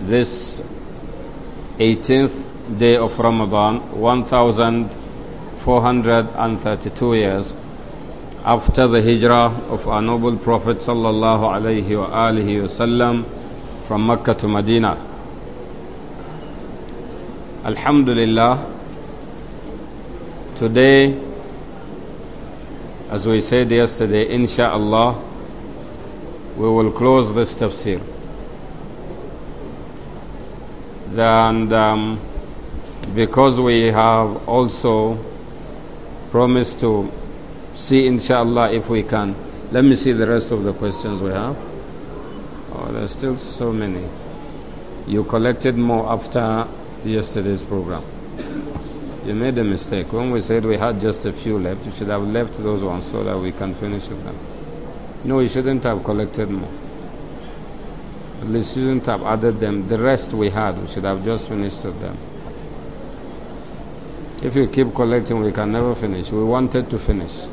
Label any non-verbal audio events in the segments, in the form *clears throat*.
this 18th day of Ramadan, 1432 years after the hijrah of our noble Prophet sallallahu alaihi wa alihi wasallam from Mecca to Medina. Alhamdulillah, today, as we said yesterday, insha'Allah, we will close this tafsir and um, because we have also promised to see inshallah if we can let me see the rest of the questions we have oh there's still so many you collected more after yesterday's program you made a mistake when we said we had just a few left you should have left those ones so that we can finish with them no you shouldn't have collected more we shouldn't have added them. The rest we had, we should have just finished with them. If you keep collecting, we can never finish. We wanted to finish.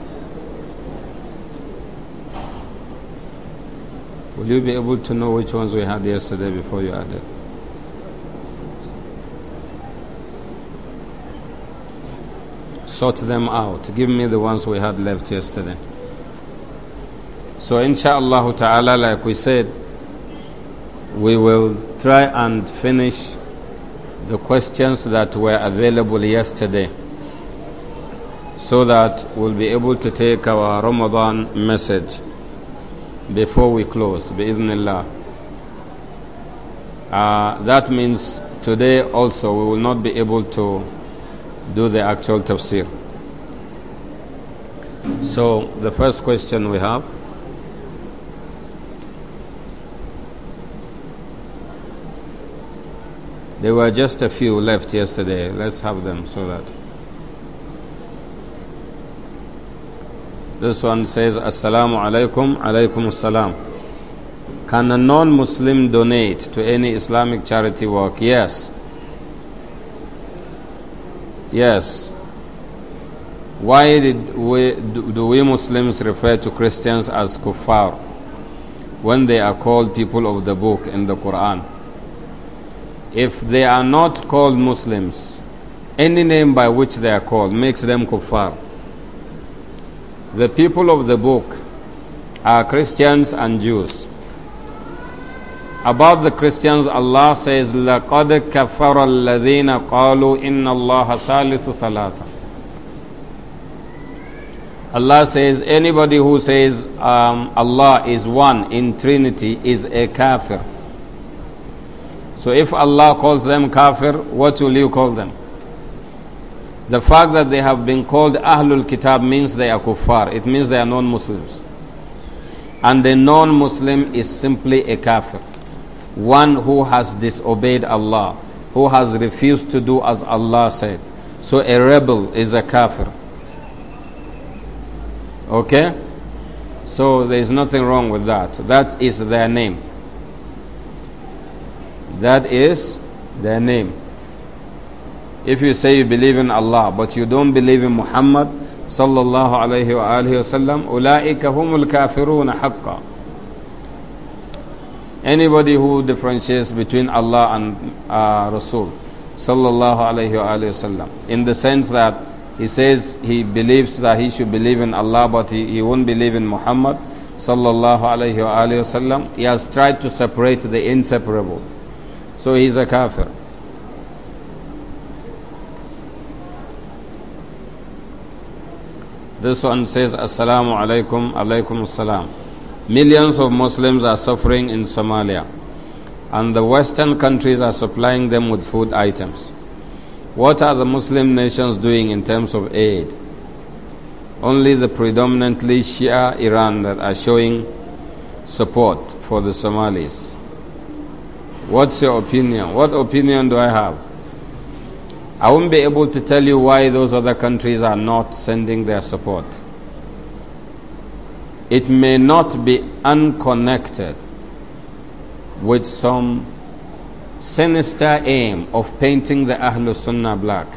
Will you be able to know which ones we had yesterday before you added? Sort them out. Give me the ones we had left yesterday. So, inshallah ta'ala, like we said, we will try and finish the questions that were available yesterday so that we'll be able to take our Ramadan message before we close, bi'idhnillah. Uh, that means today also we will not be able to do the actual tafsir. So the first question we have There were just a few left yesterday. Let's have them so that. This one says, Assalamu alaikum, alaikum assalam. Can a non Muslim donate to any Islamic charity work? Yes. Yes. Why did we, do we Muslims refer to Christians as kuffar when they are called people of the book in the Quran? if they are not called Muslims, any name by which they are called makes them kuffar. The people of the book are Christians and Jews. About the Christians, Allah says, لَقَدْ كَفَرَ الَّذِينَ قَالُوا إِنَّ اللَّهَ ثَالِثُ ثَلَاثًا Allah says, anybody who says um, Allah is one in Trinity is a kafir. So if Allah calls them kafir, what will you call them? The fact that they have been called Ahlul Kitab means they are kuffar. It means they are non-Muslims. And a non-Muslim is simply a kafir. One who has disobeyed Allah, who has refused to do as Allah said. So a rebel is a kafir. Okay? So there is nothing wrong with that. That is their name. That is their name. If you say you believe in Allah, but you don't believe in Muhammad, sallallahu alayhi wa alihi wasallam, ulaika humul kafiruna haqqa. Anybody who differentiates between Allah and uh, Rasul, sallallahu alayhi wa alihi in the sense that he says he believes that he should believe in Allah, but he, he won't believe in Muhammad, sallallahu alayhi wa alihi he has tried to separate the inseparable. So he is a kafir. This one says, Assalamu alaikum, alaikum assalam. Millions of Muslims are suffering in Somalia, and the Western countries are supplying them with food items. What are the Muslim nations doing in terms of aid? Only the predominantly Shia Iran that are showing support for the Somalis. What's your opinion? What opinion do I have? I won't be able to tell you why those other countries are not sending their support. It may not be unconnected with some sinister aim of painting the Ahlul Sunnah black.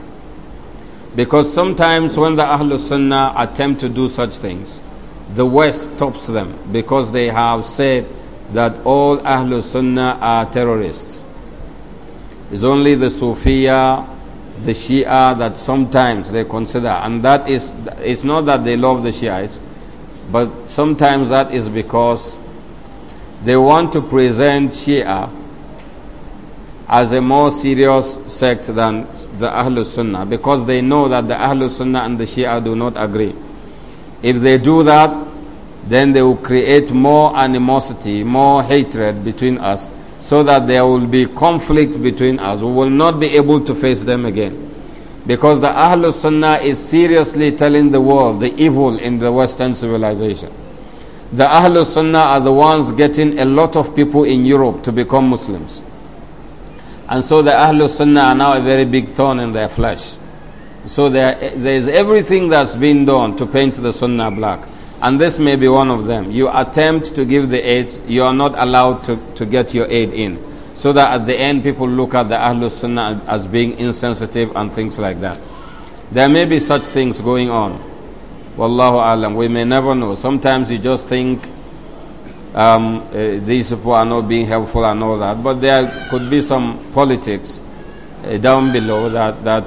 Because sometimes when the Ahlul Sunnah attempt to do such things, the West stops them because they have said that all Ahlul Sunnah are terrorists. It's only the Sufiya, the Shia that sometimes they consider, and that is, it's not that they love the Shiites, but sometimes that is because they want to present Shia as a more serious sect than the Ahlul Sunnah because they know that the Ahlul Sunnah and the Shia do not agree. If they do that, then they will create more animosity, more hatred between us, so that there will be conflict between us. We will not be able to face them again. Because the Ahlul Sunnah is seriously telling the world the evil in the Western civilization. The Ahlul Sunnah are the ones getting a lot of people in Europe to become Muslims. And so the Ahlul Sunnah are now a very big thorn in their flesh. So there, there is everything that's been done to paint the Sunnah black and this may be one of them. You attempt to give the aid, you are not allowed to, to get your aid in. So that at the end, people look at the Ahlul Sunnah as being insensitive and things like that. There may be such things going on. Wallahu alam. We may never know. Sometimes you just think um, uh, these people are not being helpful and all that. But there could be some politics uh, down below that, that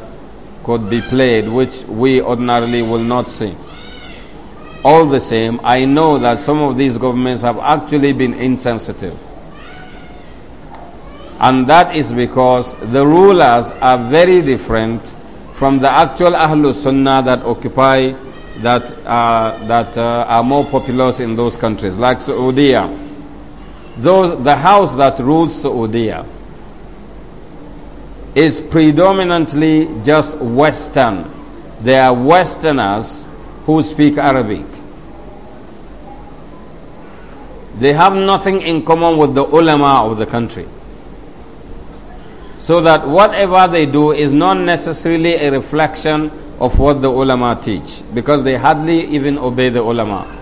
could be played, which we ordinarily will not see. All the same, I know that some of these governments have actually been insensitive. And that is because the rulers are very different from the actual Ahlul Sunnah that occupy, that, uh, that uh, are more populous in those countries, like Saudi. Those, the house that rules Saudi is predominantly just Western. They are Westerners who speak Arabic. They have nothing in common with the ulama of the country. So that whatever they do is not necessarily a reflection of what the ulama teach because they hardly even obey the ulama.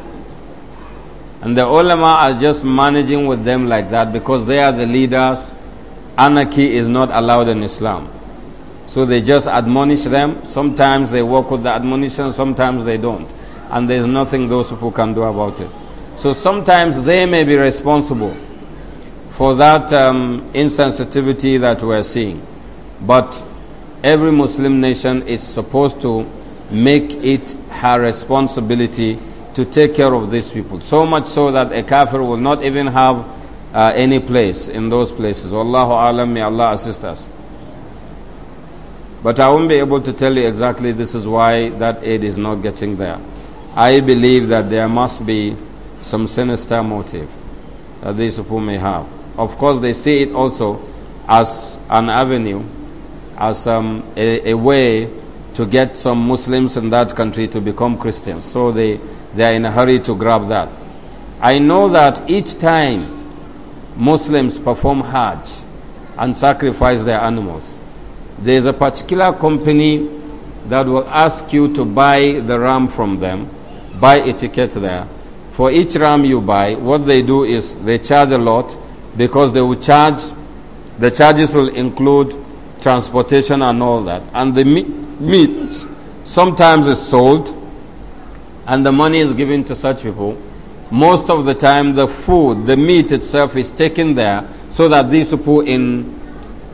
And the ulama are just managing with them like that because they are the leaders. Anarchy is not allowed in Islam. So they just admonish them. Sometimes they work with the admonition, sometimes they don't. And there's nothing those people can do about it. So sometimes they may be responsible for that um, insensitivity that we're seeing. But every Muslim nation is supposed to make it her responsibility to take care of these people. So much so that a kafir will not even have uh, any place in those places. Wallahu alam, may Allah assist us. But I won't be able to tell you exactly this is why that aid is not getting there. I believe that there must be some sinister motive that these people may have. Of course, they see it also as an avenue, as um, a, a, way to get some Muslims in that country to become Christians. So they, they are in a hurry to grab that. I know that each time Muslims perform Hajj and sacrifice their animals, there is a particular company that will ask you to buy the ram from them, buy a ticket there for each ram you buy, what they do is they charge a lot because they will charge, the charges will include transportation and all that. And the meat, sometimes is sold and the money is given to such people. Most of the time, the food, the meat itself is taken there so that these people in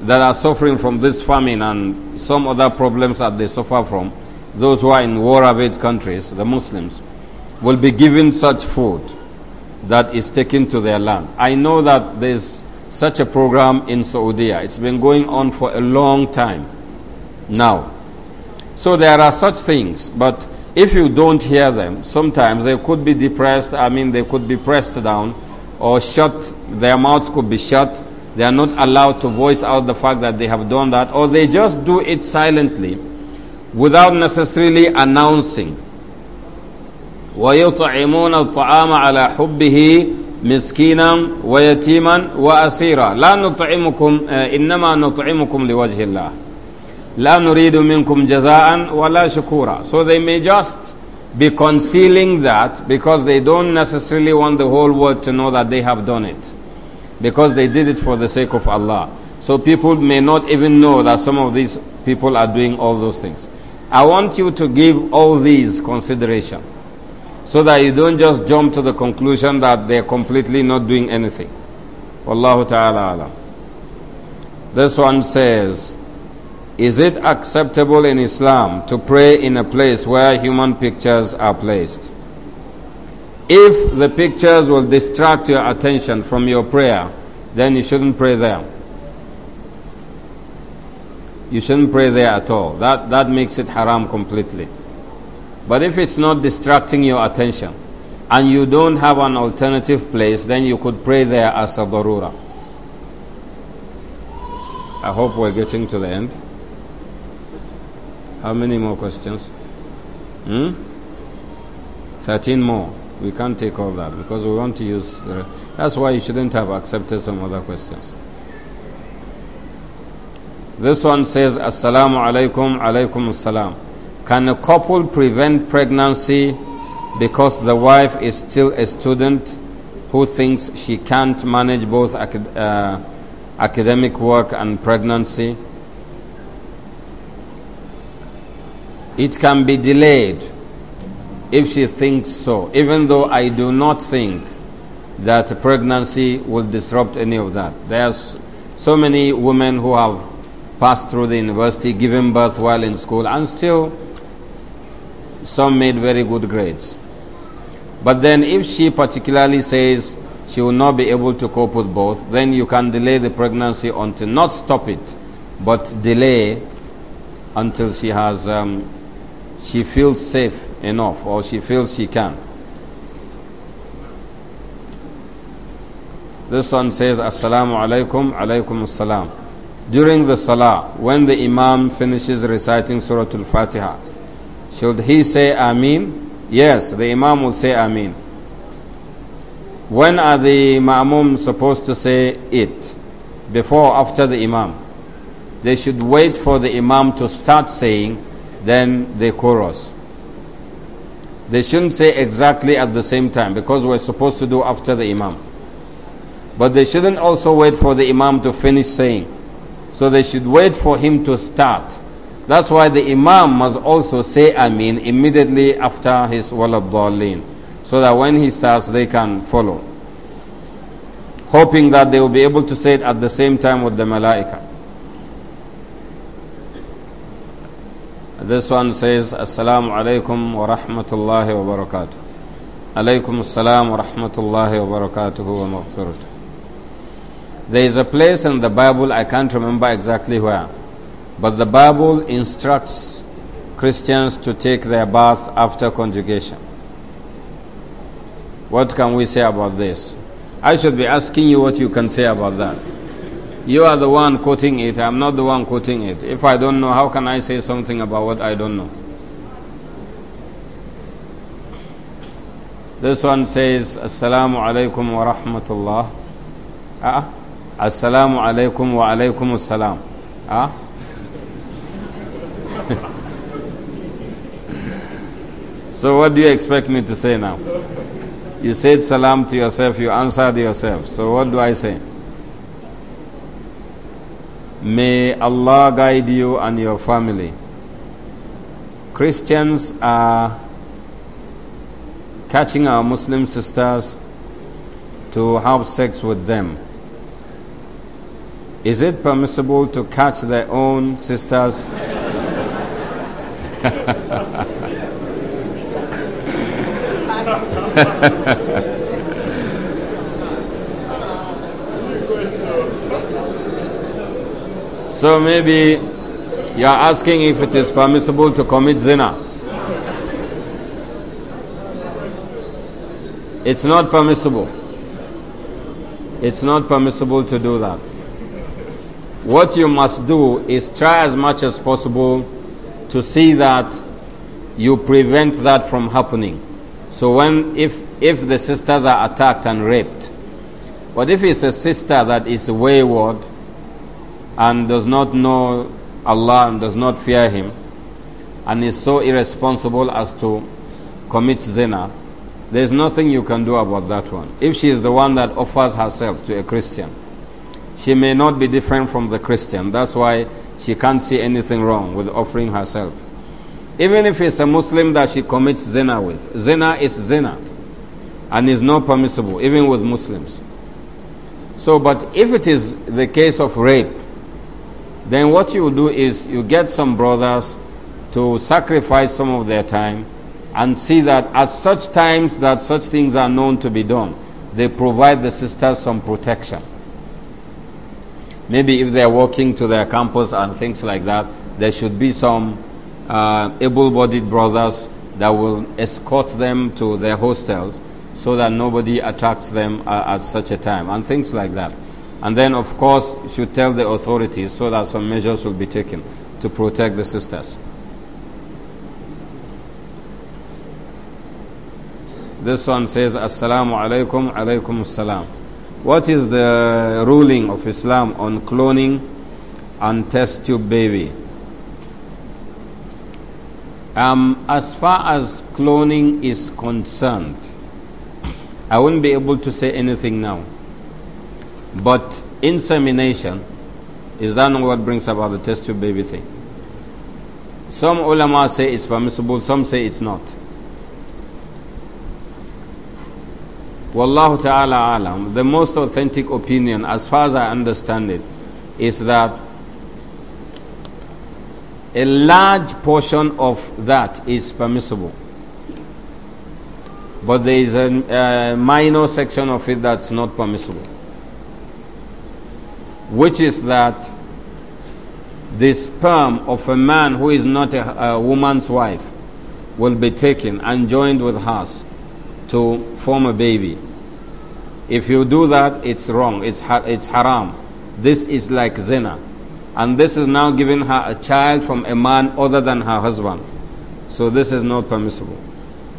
that are suffering from this famine and some other problems that they suffer from, those who are in war-ravaged countries, the Muslims, will be given such food that is taken to their land. I know that there's such a program in Saudi. It's been going on for a long time now. So there are such things, but if you don't hear them, sometimes they could be depressed, I mean, they could be pressed down or shut, their mouths could be shut. They are not allowed to voice out the fact that they have done that, or they just do it silently without necessarily announcing ويطعمون الطعام على حبه مسكينا ويتيما وأسيرا لا نطعمكم إنما نطعمكم لوجه الله لا نريد منكم جزاء ولا شكورا so they may just be concealing that because they don't necessarily want the whole world to know that they have done it because they did it for the sake of Allah so people may not even know that some of these people are doing all those things I want you to give all these consideration so that you don't just jump to the conclusion that they're completely not doing anything. Wallahu ta'ala alam. This one says, Is it acceptable in Islam to pray in a place where human pictures are placed? If the pictures will distract your attention from your prayer, then you shouldn't pray there. You shouldn't pray there at all. That, that makes it haram completely. But if it's not distracting your attention and you don't have an alternative place, then you could pray there as a darura. I hope we're getting to the end. How many more questions? Hmm? 13 more. We can't take all that because we want to use. The, that's why you shouldn't have accepted some other questions. This one says, Assalamu alaikum, alaikum assalam. Can a couple prevent pregnancy because the wife is still a student who thinks she can't manage both acad uh, academic work and pregnancy? It can be delayed if she thinks so, even though I do not think that pregnancy will disrupt any of that. There's so many women who have passed through the university, given birth while in school, and still some made very good grades. But then, if she particularly says she will not be able to cope with both, then you can delay the pregnancy until, not stop it, but delay until she has, um, she feels safe enough or she feels she can. This one says, Assalamu alaikum, alaikum assalam. During the salah, when the imam finishes reciting Surah Al Fatiha, should he say Amin? Yes, the Imam will say Amin. When are the Ma'mum supposed to say it? Before after the Imam? They should wait for the Imam to start saying, then the chorus. They shouldn't say exactly at the same time because we're supposed to do after the Imam. But they shouldn't also wait for the Imam to finish saying. So they should wait for him to start. That's why the Imam must also say Ameen immediately after his Walad so that when he starts, they can follow. Hoping that they will be able to say it at the same time with the Malaika. This one says, Assalamu alaikum wa rahmatullahi wa barakatuh. Alaykum assalam wa rahmatullahi wa barakatuhu wa maghfiratuh. There is a place in the Bible, I can't remember exactly where but the Bible instructs Christians to take their bath after conjugation. What can we say about this? I should be asking you what you can say about that. You are the one quoting it, I'm not the one quoting it. If I don't know, how can I say something about what I don't know? This one says, Assalamu alaikum wa rahmatullah. Ah? Assalamu alaikum wa alaikum assalam. Ah? *laughs* so what do you expect me to say now? You said salam to yourself, you answered yourself. So what do I say? May Allah guide you and your family. Christians are catching our Muslim sisters to have sex with them. Is it permissible to catch their own sisters? *laughs* so maybe you are asking if it is permissible to commit zina. It's not permissible. It's not permissible to do that. What you must do is try as much as possible to see that you prevent that from happening. So when if if the sisters are attacked and raped, but if it's a sister that is wayward and does not know Allah and does not fear Him and is so irresponsible as to commit zina, there's nothing you can do about that one. If she is the one that offers herself to a Christian, she may not be different from the Christian. That's why she can't see anything wrong with offering herself. Even if it's a Muslim that she commits zina with, zina is zina and is not permissible, even with Muslims. So, but if it is the case of rape, then what you do is you get some brothers to sacrifice some of their time and see that at such times that such things are known to be done, they provide the sisters some protection. Maybe if they're walking to their campus and things like that, there should be some uh, able bodied brothers that will escort them to their hostels so that nobody attacks them uh, at such a time and things like that. And then, of course, should tell the authorities so that some measures will be taken to protect the sisters. This one says, Assalamu alaikum, alaikum assalam. What is the ruling of Islam on cloning and test tube baby? Um, as far as cloning is concerned, I won't be able to say anything now. But insemination is that not what brings about the test tube baby thing? Some ulama say it's permissible, some say it's not. Wallahu ta'ala alam. The most authentic opinion, as far as I understand it, is that a large portion of that is permissible. But there is a, a minor section of it that's not permissible. Which is that the sperm of a man who is not a, a woman's wife will be taken and joined with hers to form a baby. If you do that, it's wrong, it's, ha it's haram. This is like zina. And this is now giving her a child from a man other than her husband. So this is not permissible.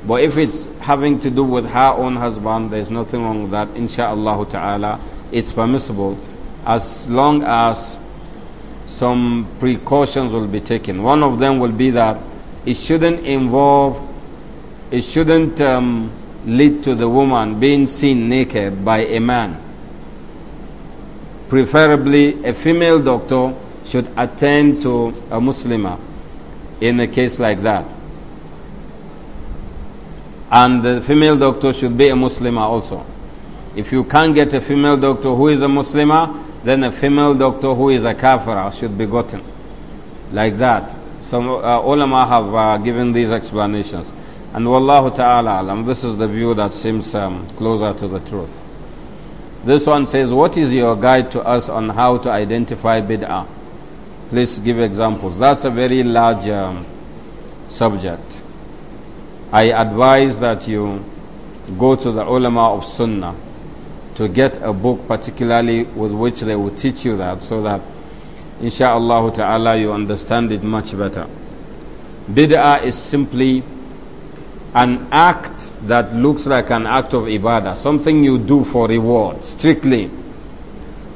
But if it's having to do with her own husband, there's nothing wrong with that. Insha'Allah ta'ala, it's permissible as long as some precautions will be taken. One of them will be that it shouldn't involve, it shouldn't um, lead to the woman being seen naked by a man. Preferably, a female doctor should attend to a Muslimah in a case like that. And the female doctor should be a Muslimah also. If you can't get a female doctor who is a Muslimah, then a female doctor who is a kafirah should be gotten. Like that. Some uh, ulama have uh, given these explanations. And wallahu ta'ala alam, this is the view that seems um, closer to the truth. This one says, What is your guide to us on how to identify bid'ah? Please give examples. That's a very large um, subject. I advise that you go to the ulama of sunnah to get a book particularly with which they will teach you that so that insha'Allah ta'ala you understand it much better. Bid'ah is simply an act that looks like an act of ibadah, something you do for reward, strictly,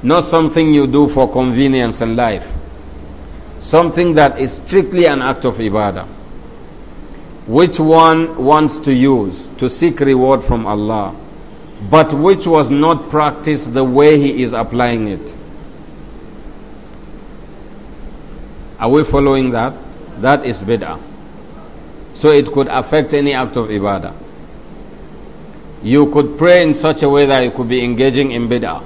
not something you do for convenience in life, something that is strictly an act of ibadah. Which one wants to use to seek reward from Allah, but which was not practiced the way he is applying it? Are we following that? That is bid'ah. So it could affect any act of ibadah. You could pray in such a way that you could be engaging in bid'ah.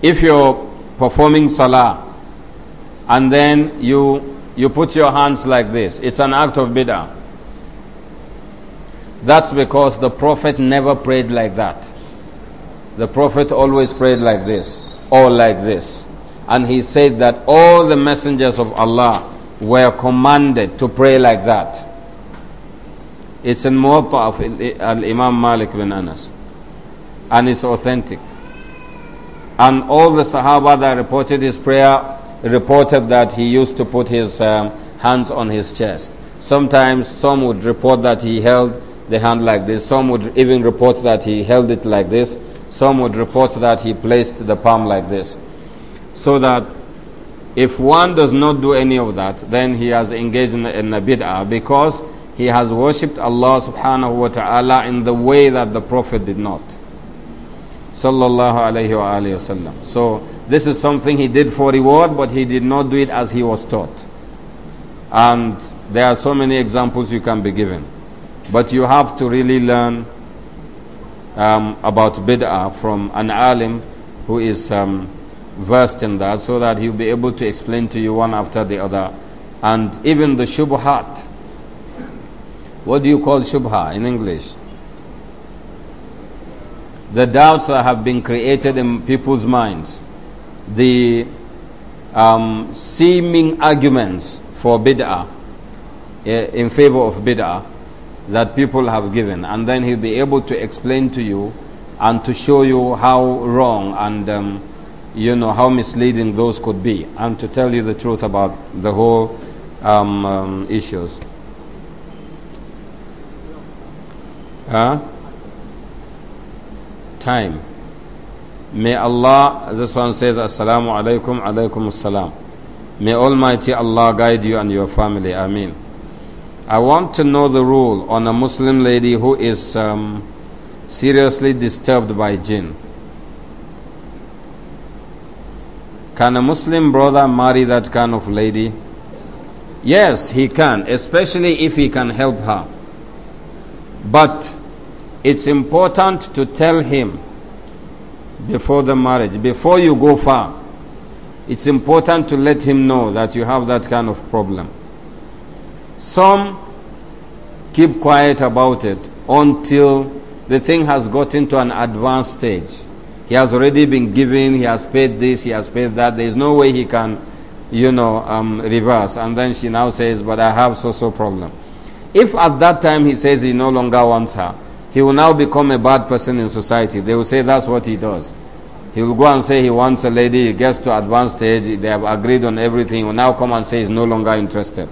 If you're performing salah and then you, you put your hands like this, it's an act of bid'ah. That's because the Prophet never prayed like that. The Prophet always prayed like this or like this. And he said that all the messengers of Allah were commanded to pray like that. It's in Muwatta of Al Imam Malik bin Anas, and it's authentic. And all the Sahaba that reported his prayer reported that he used to put his um, hands on his chest. Sometimes some would report that he held the hand like this, some would even report that he held it like this, some would report that he placed the palm like this, so that if one does not do any of that, then he has engaged in, bid'ah because he has worshipped Allah subhanahu wa ta'ala in the way that the Prophet did not. Sallallahu alayhi wa alayhi So this is something he did for reward, but he did not do it as he was taught. And there are so many examples you can be given. But you have to really learn um, about bid'ah from an alim who is um, versed in that so that he'll be able to explain to you one after the other. And even the shubhat. What do you call shubha in English? The doubts that have been created in people's minds, the um, seeming arguments for bid'ah, eh, in favor of bid'ah, that people have given. And then he'll be able to explain to you and to show you how wrong and um, you know how misleading those could be and to tell you the truth about the whole um, um, issues. Huh? Time. May Allah, this one says, Assalamu alaikum, alaikum assalam. May Almighty Allah guide you and your family. Ameen. I want to know the rule on a Muslim lady who is um, seriously disturbed by jinn. Can a Muslim brother marry that kind of lady? Yes, he can, especially if he can help her. But it's important to tell him before the marriage, before you go far, it's important to let him know that you have that kind of problem. Some keep quiet about it until the thing has gotten to an advanced stage. He has already been given, he has paid this, he has paid that. There is no way he can, you know, um, reverse. And then she now says, But I have so so problem. If at that time he says he no longer wants her, he will now become a bad person in society. They will say that's what he does. He will go and say he wants a lady, he gets to advanced stage, they have agreed on everything, he will now come and say he's no longer interested.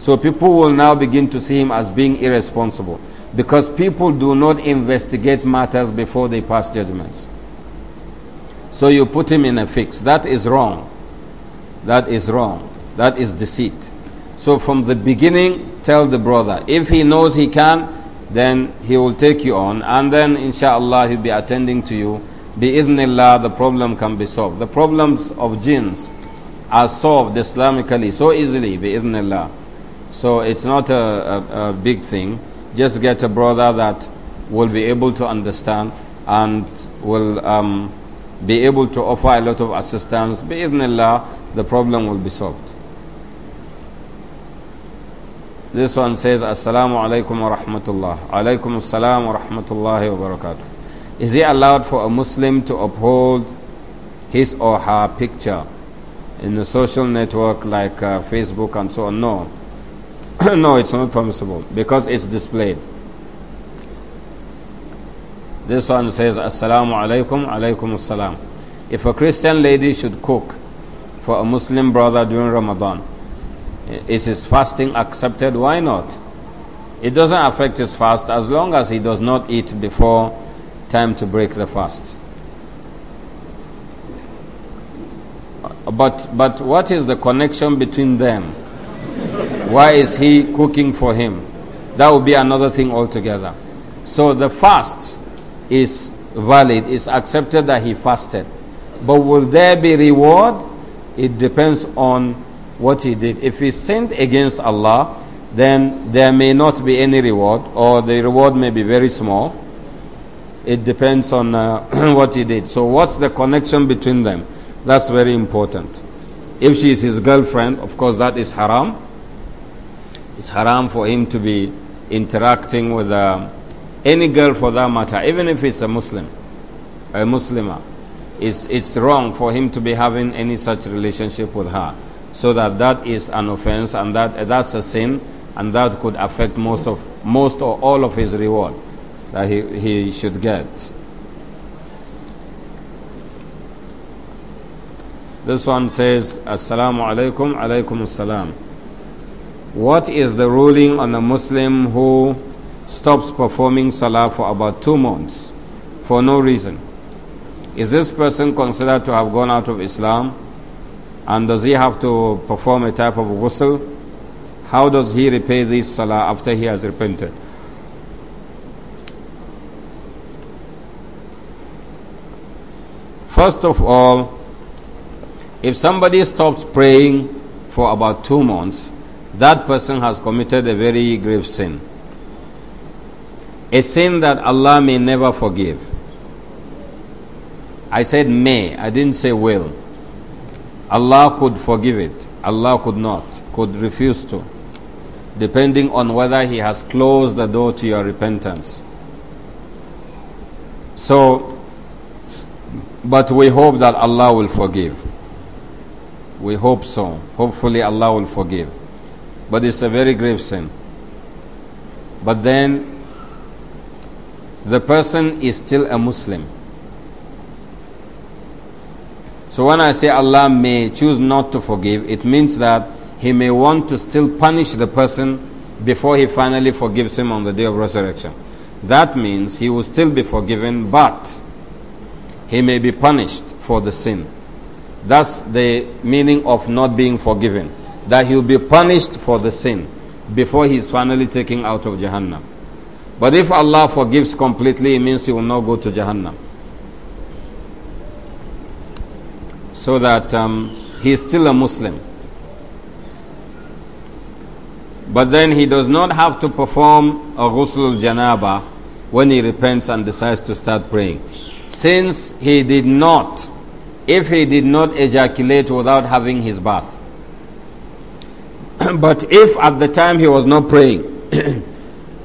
So people will now begin to see him as being irresponsible because people do not investigate matters before they pass judgments. So you put him in a fix. That is wrong. That is wrong. That is deceit. So from the beginning, tell the brother. If he knows he can, then he will take you on. And then, inshallah, he'll be attending to you. Bi'idhnillah, the problem can be solved. The problems of jinns are solved Islamically so easily, bi'idhnillah. So it's not a, a, a big thing. Just get a brother that will be able to understand and will um, be able to offer a lot of assistance, bi'idhnillah, the problem will be solved. This one says, Assalamu alaikum wa rahmatullah. Alaikum assalam wa rahmatullahi wa barakatuh. Is it allowed for a Muslim to uphold his or her picture in a social network like uh, Facebook and so on? No. *clears throat* no, it's not permissible because it's displayed. This one says, Assalamu alaikum, alaikum assalam. If a Christian lady should cook for a Muslim brother during Ramadan, is his fasting accepted? Why not? It doesn't affect his fast as long as he does not eat before time to break the fast. But, but what is the connection between them? Why is he cooking for him? That would be another thing altogether. So the fast is valid, it's accepted that he fasted. But will there be reward? It depends on what he did. If he sinned against Allah, then there may not be any reward, or the reward may be very small. It depends on uh, *clears throat* what he did. So, what's the connection between them? That's very important. If she is his girlfriend, of course, that is haram. It's haram for him to be interacting with a uh, any girl for that matter, even if it's a Muslim, a Muslima, it's, it's wrong for him to be having any such relationship with her. So that that is an offense and that that's a sin and that could affect most of most or all of his reward that he, he should get. This one says, Assalamu alaikum, alaikum assalam. What is the ruling on a Muslim who stops performing salah for about two months for no reason. Is this person considered to have gone out of Islam? And does he have to perform a type of ghusl? How does he repay this salah after he has repented? First of all, if somebody stops praying for about two months, that person has committed a very grave sin. A sin that Allah may never forgive. I said may, I didn't say will. Allah could forgive it, Allah could not, could refuse to, depending on whether He has closed the door to your repentance. So, but we hope that Allah will forgive. We hope so. Hopefully, Allah will forgive. But it's a very grave sin. But then the person is still a Muslim. So when I say Allah may choose not to forgive, it means that He may want to still punish the person before He finally forgives him on the day of resurrection. That means he will still be forgiven, but he may be punished for the sin. That's the meaning of not being forgiven. That he will be punished for the sin before he is finally taken out of Jahannam. But if Allah forgives completely, it means you will not go to Jahannam. So that um, he is still a Muslim. But then he does not have to perform a ghusl janaba when he repents and decides to start praying. Since he did not, if he did not ejaculate without having his bath. *clears throat* but if at the time he was not praying, *clears throat*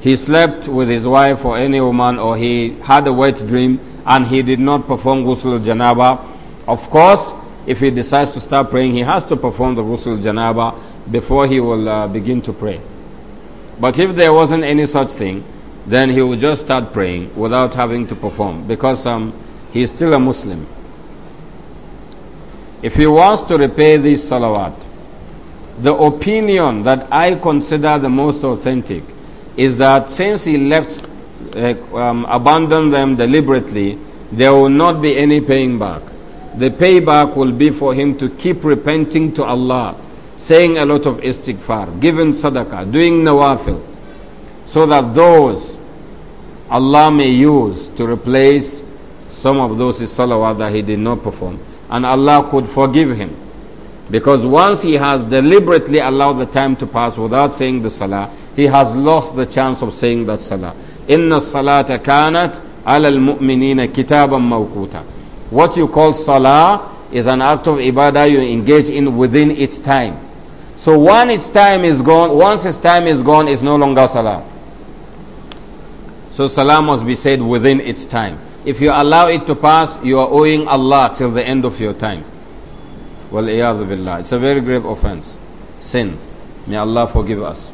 he slept with his wife or any woman or he had a wet dream and he did not perform ghusl janaba of course if he decides to start praying he has to perform the ghusl janaba before he will uh, begin to pray but if there wasn't any such thing then he will just start praying without having to perform because um, he is still a muslim if he wants to repay this salawat the opinion that i consider the most authentic is that since he left, uh, um, abandoned them deliberately, there will not be any paying back. The payback will be for him to keep repenting to Allah, saying a lot of istighfar, giving sadaqah, doing nawafil, so that those Allah may use to replace some of those salawat that he did not perform. And Allah could forgive him. Because once he has deliberately allowed the time to pass without saying the salah, he has lost the chance of saying that salah. Inna salata kanat alal mu'minina kitaban mawquta. What you call salah is an act of ibadah you engage in within its time. So once its time is gone, once its time is gone, it's no longer salah. So salah must be said within its time. If you allow it to pass, you are owing Allah till the end of your time. Well, billah. It's a very grave offense. Sin. May Allah forgive us.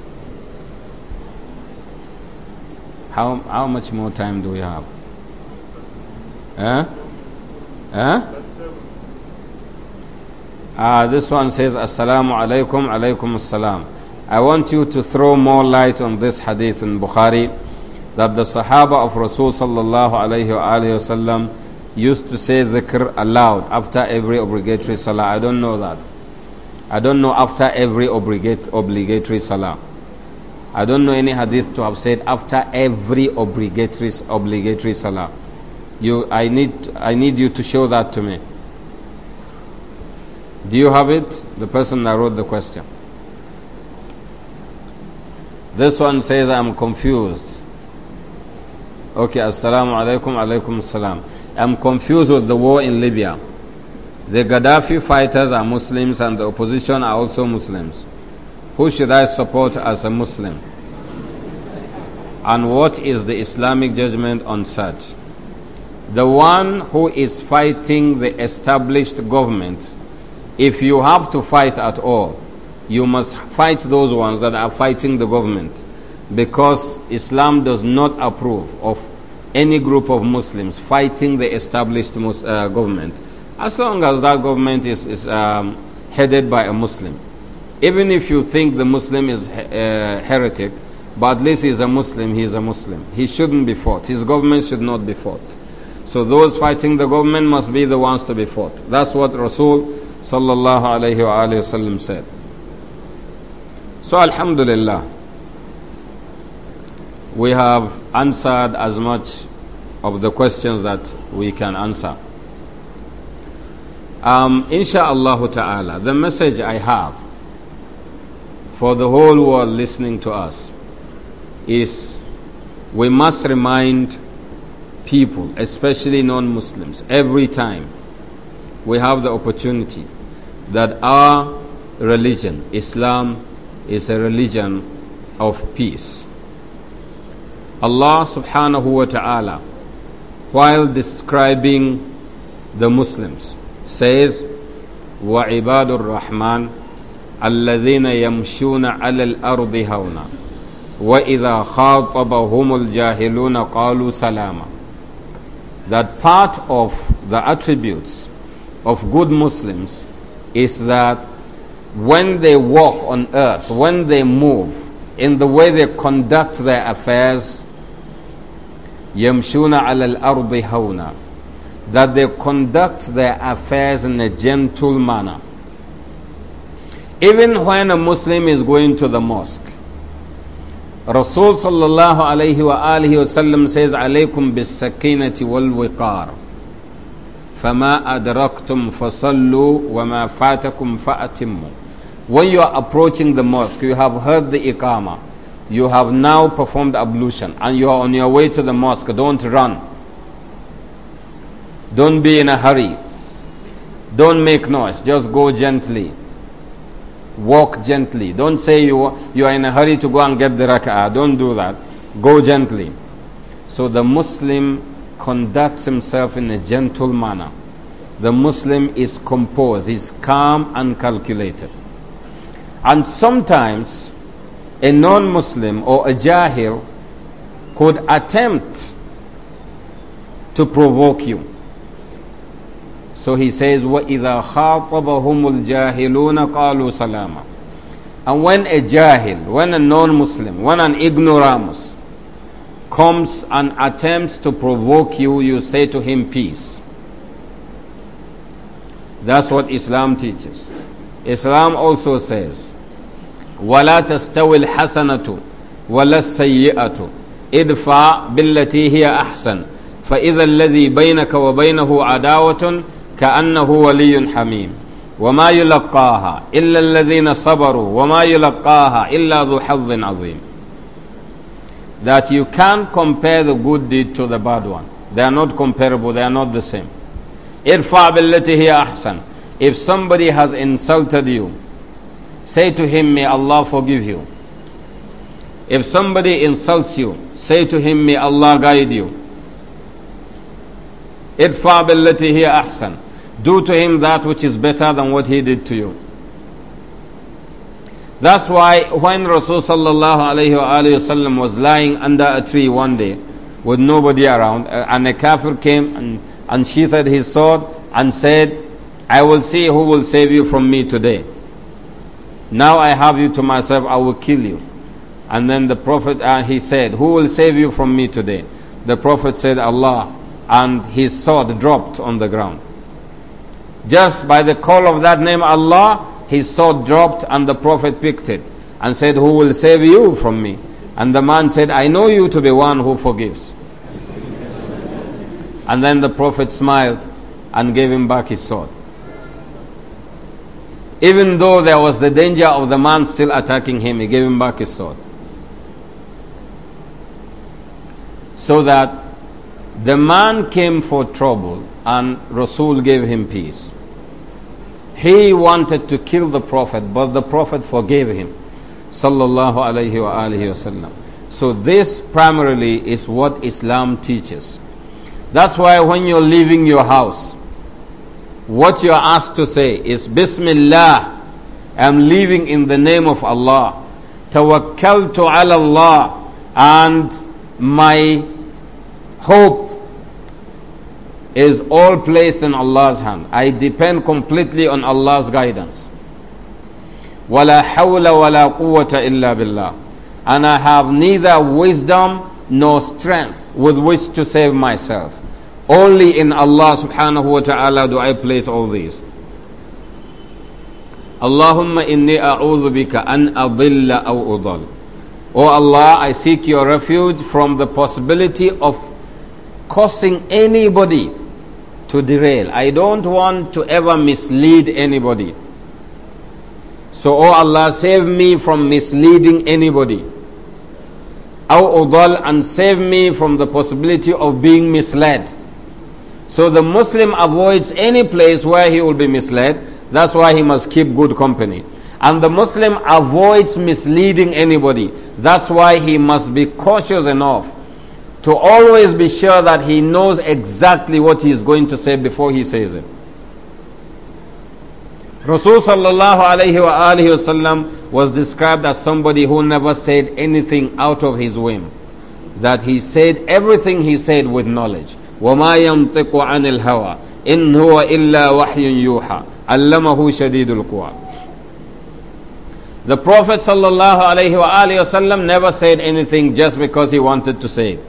How, how much more time do we have? Huh? Huh? Uh, this one says, Assalamu alaikum, alaikum assalam. I want you to throw more light on this hadith in Bukhari that the Sahaba of Rasul sallallahu alayhi wa used to say dhikr aloud after every obligatory salah. I don't know that. I don't know after every obligate, obligatory salah. I don't know any hadith to have said after every obligatory obligatory salah. You, I need, I need you to show that to me. Do you have it? The person that wrote the question. This one says, I'm confused. Okay, assalamu alaikum, alaikum salam. I'm confused with the war in Libya. The Gaddafi fighters are Muslims and the opposition are also Muslims. Who should I support as a Muslim? And what is the Islamic judgment on such? The one who is fighting the established government, if you have to fight at all, you must fight those ones that are fighting the government because Islam does not approve of any group of Muslims fighting the established uh, government as long as that government is, is um, headed by a Muslim. Even if you think the Muslim is a uh, heretic, but at least he's a Muslim, he's a Muslim. He shouldn't be fought. His government should not be fought. So those fighting the government must be the ones to be fought. That's what Rasul sallallahu alayhi wa sallam said. So Alhamdulillah, we have answered as much of the questions that we can answer. Um, inshallah ta'ala, the message I have for the whole world listening to us is we must remind people, especially non Muslims, every time we have the opportunity that our religion, Islam, is a religion of peace. Allah subhanahu wa ta'ala, while describing the Muslims, says, وَعِبَادُ الرَّحْمَنِ الذين يمشون على الأرض هونا وإذا خاطبهم الجاهلون قالوا سلاما That part of the attributes of good Muslims is that when they walk on earth, when they move, in the way they conduct their affairs, يمشون على الأرض هونا that they conduct their affairs in a gentle manner even when a Muslim is going to the mosque, Rasul sallallahu alayhi wa alihi wasallam says, Alaykum bis sakinati wal wiqar. Fama أدركتم fasallu wama fatakum فأتموا When you are approaching the mosque, you have heard the ikama, you have now performed ablution, and you are on your way to the mosque. Don't run. Don't be in a hurry. Don't make noise. Just go gently. Walk gently. Don't say you, you are in a hurry to go and get the rak'ah. Don't do that. Go gently. So the Muslim conducts himself in a gentle manner. The Muslim is composed, is calm and calculated. And sometimes a non Muslim or a Jahil could attempt to provoke you. So he says, وَإِذَا خَاطَبَهُمُ الْجَاهِلُونَ قَالُوا سَلَامًا And when a jahil, when a non-Muslim, when an ignoramus comes and attempts to provoke you, you say to him, peace. That's what Islam teaches. Islam also says, وَلَا تَسْتَوِي الْحَسَنَةُ وَلَا السَّيِّئَةُ ادْفَعْ بِالَّتِي هِيَ أَحْسَنُ فَإِذَا الَّذِي بَيْنَكَ وَبَيْنَهُ عَدَاوَةٌ كأنه ولي حميم وما يلقاها إلا الذين صبروا وما يلقاها إلا ذو حظ عظيم that you can't compare the good deed to the bad one. They are not comparable, they are not the same. Irfa billati hiya If somebody has insulted you, say to him, May Allah forgive you. If somebody insults you, say to him, May Allah guide you. Irfa billati hiya ahsan do to him that which is better than what he did to you. That's why when Rasulullah sallallahu was lying under a tree one day with nobody around, uh, and a kafir came and, and sheathed his sword and said, I will see who will save you from me today. Now I have you to myself, I will kill you. And then the Prophet, uh, he said, Who will save you from me today? The Prophet said, Allah. And his sword dropped on the ground. Just by the call of that name Allah, his sword dropped and the Prophet picked it and said, Who will save you from me? And the man said, I know you to be one who forgives. And then the Prophet smiled and gave him back his sword. Even though there was the danger of the man still attacking him, he gave him back his sword. So that the man came for trouble and Rasul gave him peace. He wanted to kill the Prophet, but the Prophet forgave him. Sallallahu alayhi wa wasallam. So this primarily is what Islam teaches. That's why when you're leaving your house, what you're asked to say is Bismillah, I'm leaving in the name of Allah. Tawakkaltu ala Allah and my hope is all placed in Allah's hand. I depend completely on Allah's guidance. وَلَا حَوْلَ وَلَا قُوَّةَ إِلَّا بِاللَّهِ And I have neither wisdom nor strength with which to save myself. Only in Allah subhanahu wa ta'ala do I place all these. Allahumma inni a'udhu bika an adilla aw udal. O Allah, I seek your refuge from the possibility of causing anybody to derail. I don't want to ever mislead anybody. So, O oh Allah, save me from misleading anybody. O Udal, and save me from the possibility of being misled. So the Muslim avoids any place where he will be misled. That's why he must keep good company. And the Muslim avoids misleading anybody. That's why he must be cautious enough to always be sure that he knows exactly what he is going to say before he says it. Rasul sallallahu alayhi wa alayhi wasallam was described as somebody who never said anything out of his whim. That he said everything he said with knowledge. وَمَا يَنْطِقُ عَنِ الْهَوَىٰ إِنْ هُوَ إِلَّا وَحْيٌ يُوحَىٰ عَلَّمَهُ شَدِيدُ الْقُوَىٰ The Prophet sallallahu alayhi wa alayhi wasallam never said anything just because he wanted to say it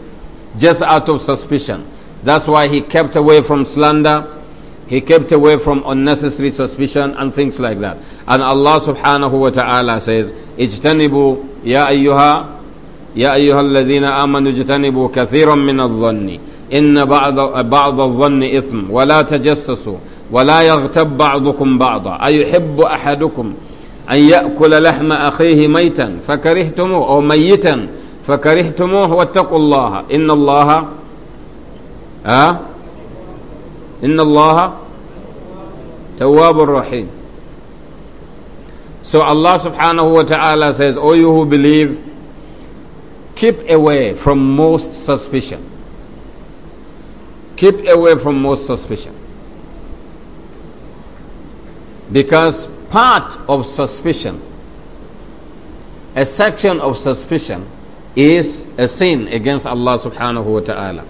just out of suspicion. That's why he kept away from slander, he kept away from unnecessary suspicion and things like that. And Allah subhanahu wa ta'ala says, اجتنبوا يا أيها يا أيها الذين آمنوا اجتنبوا كثيرا من الظن إن بعض بعض الظن إثم ولا تجسسوا ولا يغتب بعضكم بعضا أيحب أحدكم أن يأكل لحم أخيه ميتا فكرهتموه أو ميتا فكرهتموه واتقوا الله إن الله آه إن الله تواب رحيم So Allah subhanahu wa ta'ala says, O you who believe, keep away from most suspicion. Keep away from most suspicion. Because part of suspicion, a section of suspicion, is a sin against Allah subhanahu wa ta'ala.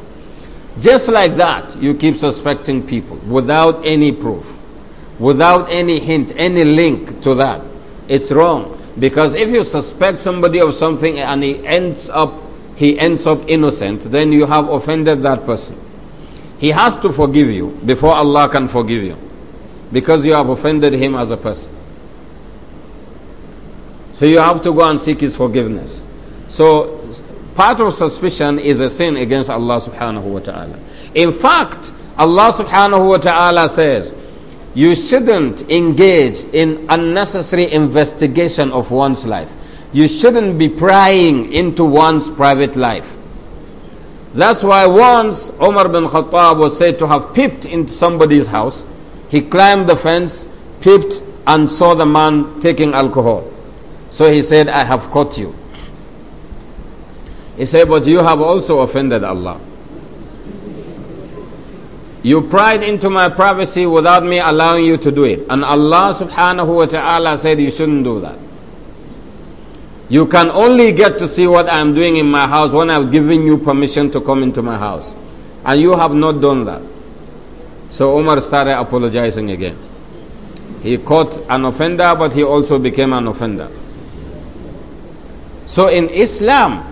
Just like that, you keep suspecting people without any proof, without any hint, any link to that. It's wrong. Because if you suspect somebody of something and he ends up he ends up innocent, then you have offended that person. He has to forgive you before Allah can forgive you. Because you have offended him as a person. So you have to go and seek his forgiveness. So part of suspicion is a sin against Allah subhanahu wa ta'ala. In fact, Allah subhanahu wa ta'ala says, you shouldn't engage in unnecessary investigation of one's life. You shouldn't be prying into one's private life. That's why once Omar bin Khattab was said to have peeped into somebody's house. He climbed the fence, peeped, and saw the man taking alcohol. So he said, I have caught you. He said, But you have also offended Allah. You pried into my privacy without me allowing you to do it. And Allah subhanahu wa ta'ala said, You shouldn't do that. You can only get to see what I'm doing in my house when I've given you permission to come into my house. And you have not done that. So Umar started apologizing again. He caught an offender, but he also became an offender. So in Islam,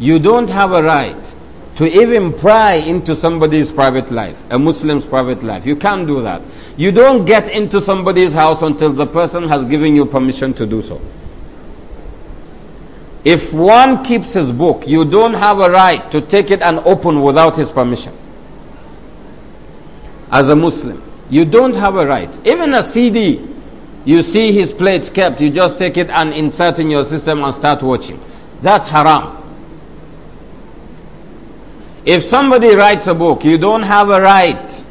you don't have a right to even pry into somebody's private life, a Muslim's private life. You can't do that. You don't get into somebody's house until the person has given you permission to do so. If one keeps his book, you don't have a right to take it and open without his permission. As a Muslim, you don't have a right. Even a CD, you see his plate kept, you just take it and insert in your system and start watching. That's haram. If somebody writes a book, you don't have a right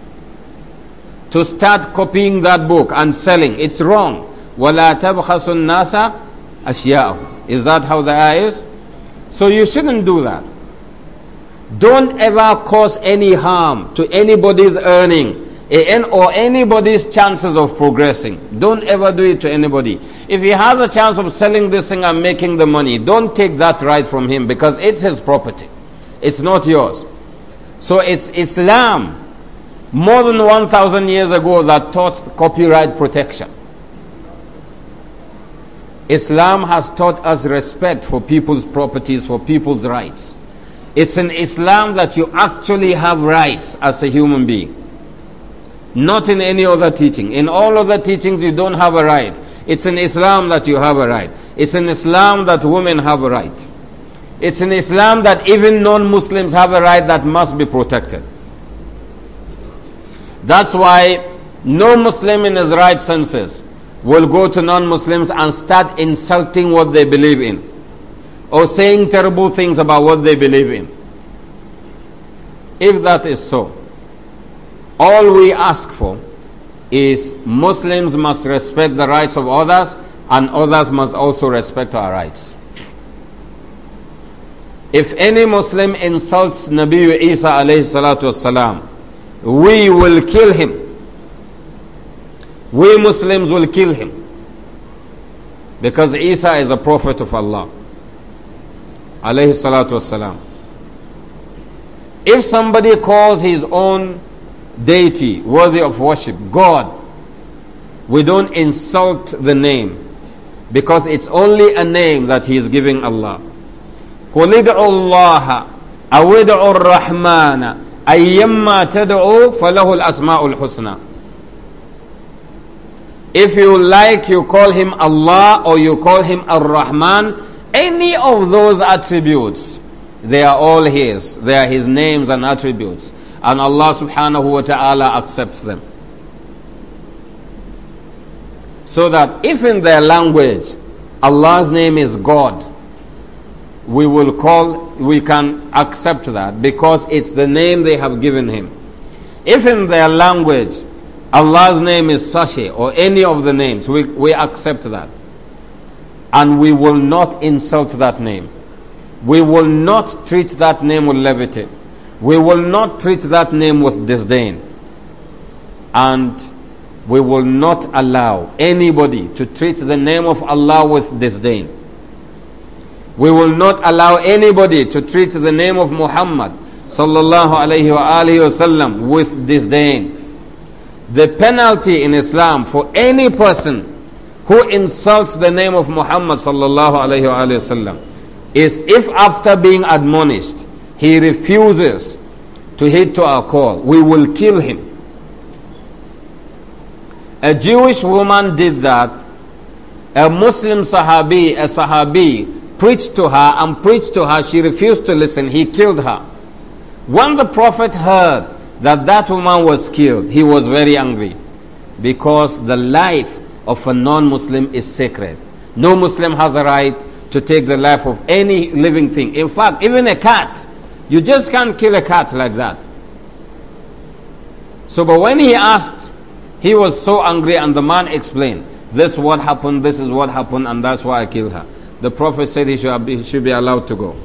to start copying that book and selling. It's wrong. وَلَا تَبْخَسُ النَّاسَ أَشْيَاءَهُ Is that how the ayah is? So you shouldn't do that. Don't ever cause any harm to anybody's earning or anybody's chances of progressing. Don't ever do it to anybody. If he has a chance of selling this thing and making the money, don't take that right from him because it's his property. It's not yours. So it's Islam more than 1,000 years ago that taught copyright protection. Islam has taught us respect for people's properties, for people's rights. It's in Islam that you actually have rights as a human being. Not in any other teaching. In all other teachings, you don't have a right. It's in Islam that you have a right. It's in Islam that women have a right. It's in Islam that even non Muslims have a right that must be protected. That's why no Muslim in his right senses will go to non Muslims and start insulting what they believe in or saying terrible things about what they believe in. If that is so, all we ask for is Muslims must respect the rights of others and others must also respect our rights. If any Muslim insults Nabi Isa alayhi salatu wasalam, we will kill him. We Muslims will kill him. Because Isa is a prophet of Allah. Alayhi salatu wasalam. If somebody calls his own deity worthy of worship, God, we don't insult the name because it's only a name that he is giving Allah. قل ادعوا الله أو ادعوا الرحمن أيما تدعو فله الأسماء الحسنى If you like, you call him Allah or you call him Ar-Rahman. Any of those attributes, they are all his. They are his names and attributes. And Allah subhanahu wa ta'ala accepts them. So that if in their language, Allah's name is God, we will call, we can accept that because it's the name they have given him. If in their language Allah's name is Sashi or any of the names, we, we accept that. And we will not insult that name. We will not treat that name with levity. We will not treat that name with disdain. And we will not allow anybody to treat the name of Allah with disdain. We will not allow anybody to treat the name of Muhammad sallallahu alayhi wa wasallam with disdain. The penalty in Islam for any person who insults the name of Muhammad sallallahu alayhi wa wasallam is if after being admonished he refuses to heed to our call, we will kill him. A Jewish woman did that. A Muslim Sahabi, a Sahabi, preached to her and preached to her. She refused to listen. He killed her. When the Prophet heard that that woman was killed, he was very angry because the life of a non Muslim is sacred. No Muslim has a right to take the life of any living thing. In fact, even a cat. You just can't kill a cat like that. So, but when he asked, he was so angry, and the man explained, This what happened, this is what happened, and that's why I killed her the Prophet said he should, he should be allowed to go.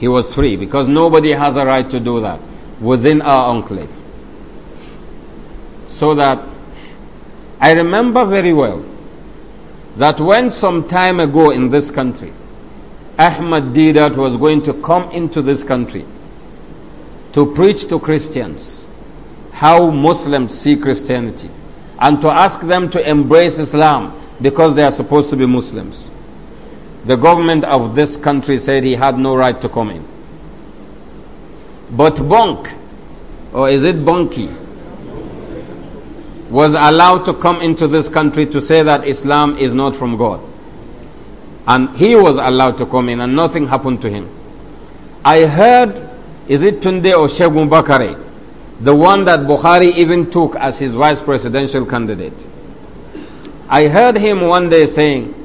He was free because nobody has a right to do that within our enclave. So that I remember very well that when some time ago in this country, Ahmad Didat was going to come into this country to preach to Christians how Muslims see Christianity and to ask them to embrace Islam because they are supposed to be Muslims. The government of this country said he had no right to come in. But Bonk, or is it Bonky, was allowed to come into this country to say that Islam is not from God. And he was allowed to come in and nothing happened to him. I heard, is it Tunde or Shegun Bakare, the one that Bukhari even took as his vice presidential candidate. I heard him one day saying,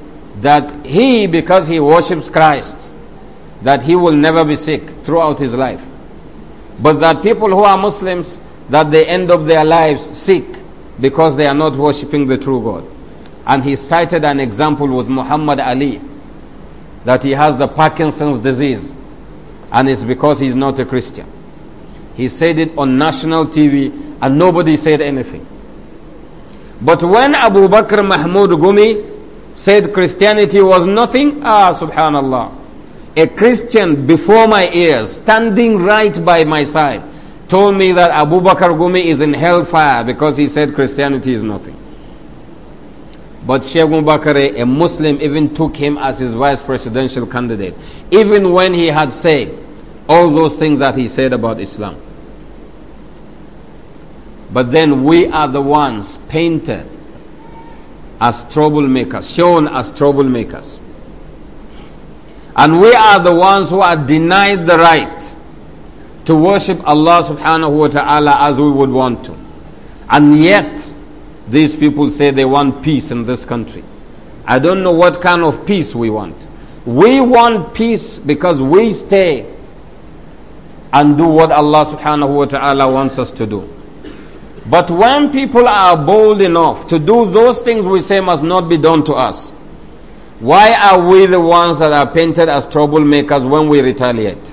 that he, because he worships Christ, that he will never be sick throughout his life. But that people who are Muslims, that they end up their lives sick because they are not worshipping the true God. And he cited an example with Muhammad Ali that he has the Parkinson's disease and it's because he's not a Christian. He said it on national TV and nobody said anything. But when Abu Bakr Mahmoud Gumi said Christianity was nothing? Ah, subhanallah. A Christian before my ears, standing right by my side, told me that Abu Bakr Gumi is in hellfire because he said Christianity is nothing. But Sheikh Bakare, a Muslim, even took him as his vice presidential candidate, even when he had said all those things that he said about Islam. But then we are the ones painted as troublemakers, shown as troublemakers. And we are the ones who are denied the right to worship Allah subhanahu wa ta'ala as we would want to. And yet, these people say they want peace in this country. I don't know what kind of peace we want. We want peace because we stay and do what Allah subhanahu wa ta'ala wants us to do. But when people are bold enough to do those things we say must not be done to us, why are we the ones that are painted as troublemakers when we retaliate?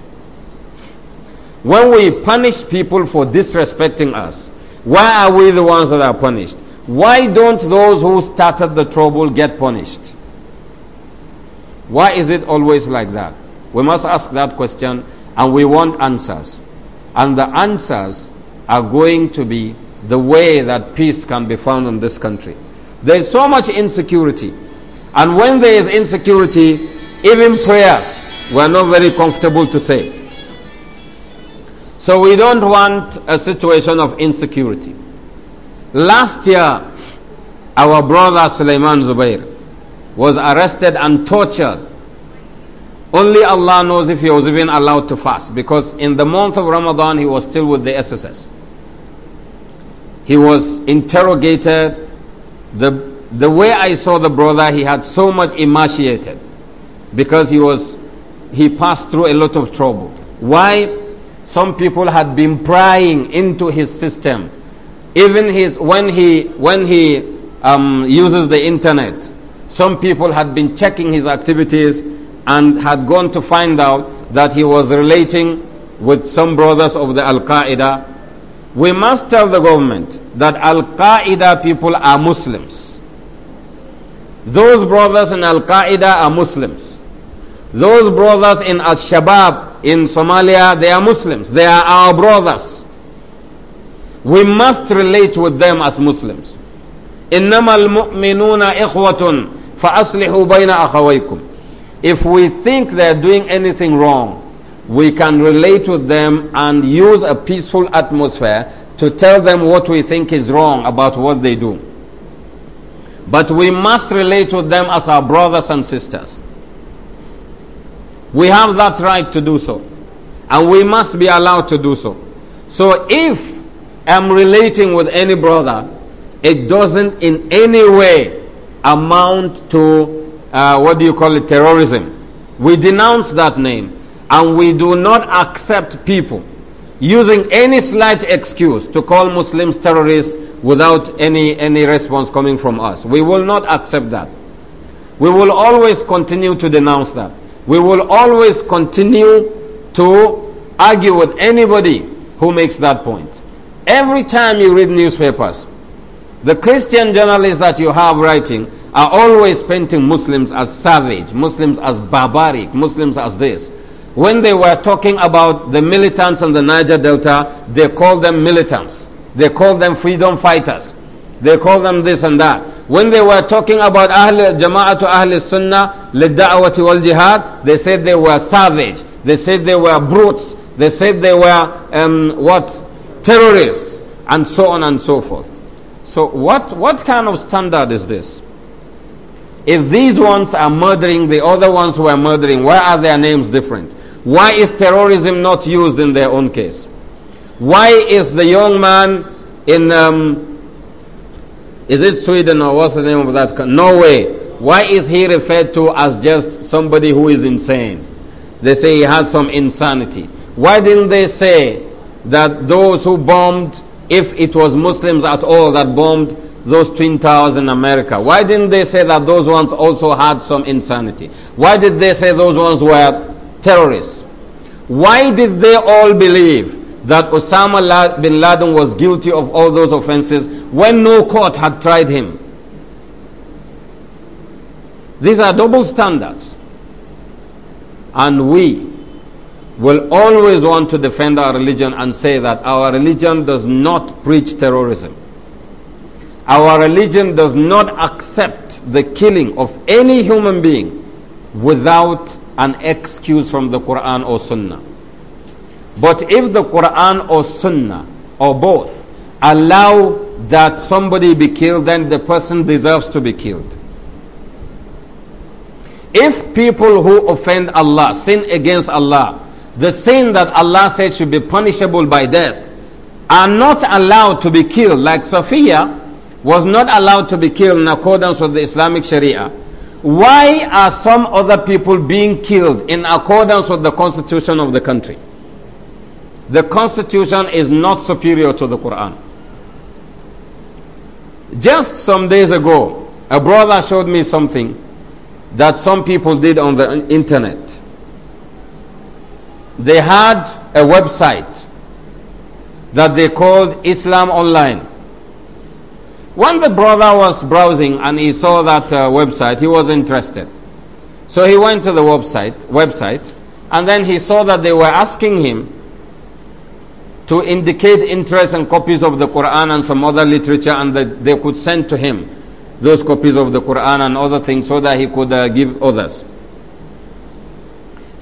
When we punish people for disrespecting us, why are we the ones that are punished? Why don't those who started the trouble get punished? Why is it always like that? We must ask that question and we want answers. And the answers are going to be the way that peace can be found in this country. There is so much insecurity. And when there is insecurity, even prayers, we are not very comfortable to say. So we don't want a situation of insecurity. Last year, our brother Sulaiman Zubair was arrested and tortured. Only Allah knows if he was even allowed to fast because in the month of Ramadan he was still with the SSS. He was interrogated. The, the way I saw the brother, he had so much emaciated because he was he passed through a lot of trouble. Why? Some people had been prying into his system. Even his when he when he um, uses the internet, some people had been checking his activities and had gone to find out that he was relating with some brothers of the Al Qaeda we must tell the government that Al Qaeda people are Muslims. Those brothers in Al Qaeda are Muslims. Those brothers in Al Shabaab in Somalia, they are Muslims. They are our brothers. We must relate with them as Muslims. إنما المؤمنون إخوة بين أخويكم. If we think they are doing anything wrong, we can relate with them and use a peaceful atmosphere to tell them what we think is wrong about what they do. But we must relate with them as our brothers and sisters. We have that right to do so. And we must be allowed to do so. So if I'm relating with any brother, it doesn't in any way amount to uh, what do you call it, terrorism. We denounce that name and we do not accept people using any slight excuse to call Muslims terrorists without any, any response coming from us. We will not accept that. We will always continue to denounce that. We will always continue to argue with anybody who makes that point. Every time you read newspapers, the Christian journalists that you have writing are always painting Muslims as savage, Muslims as barbaric, Muslims as this. When they were talking about the militants on the Niger Delta, they called them militants. They called them freedom fighters. They called them this and that. When they were talking about Ahl Jama'atu Ahl Sunnah, Lidda'awati wal Jihad, they said they were savage. They said they were brutes. They said they were, um, what, terrorists, and so on and so forth. So, what, what kind of standard is this? If these ones are murdering the other ones who are murdering, why are their names different? Why is terrorism not used in their own case? Why is the young man in, um, is it Sweden or what's the name of that? Norway. Why is he referred to as just somebody who is insane? They say he has some insanity. Why didn't they say that those who bombed, if it was Muslims at all that bombed, those twin towers in America? Why didn't they say that those ones also had some insanity? Why did they say those ones were terrorists? Why did they all believe that Osama bin Laden was guilty of all those offenses when no court had tried him? These are double standards. And we will always want to defend our religion and say that our religion does not preach terrorism. Our religion does not accept the killing of any human being without an excuse from the Quran or Sunnah. But if the Quran or Sunnah or both allow that somebody be killed, then the person deserves to be killed. If people who offend Allah sin against Allah, the sin that Allah said should be punishable by death are not allowed to be killed, like Sophia, was not allowed to be killed in accordance with the Islamic Sharia, why are some other people being killed in accordance with the constitution of the country? The constitution is not superior to the Quran. Just some days ago, a brother showed me something that some people did on the internet. They had a website that they called Islam Online. When the brother was browsing and he saw that uh, website, he was interested. So he went to the website, website and then he saw that they were asking him to indicate interest and copies of the Quran and some other literature and that they could send to him those copies of the Quran and other things so that he could uh, give others.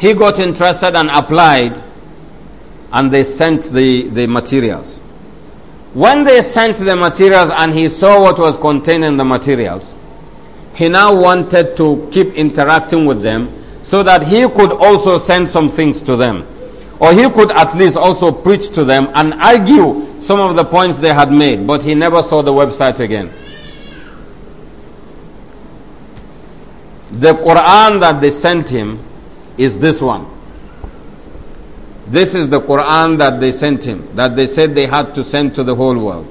He got interested and applied and they sent the, the materials. When they sent the materials and he saw what was contained in the materials, he now wanted to keep interacting with them so that he could also send some things to them. Or he could at least also preach to them and argue some of the points they had made, but he never saw the website again. The Quran that they sent him is this one. This is the Quran that they sent him, that they said they had to send to the whole world.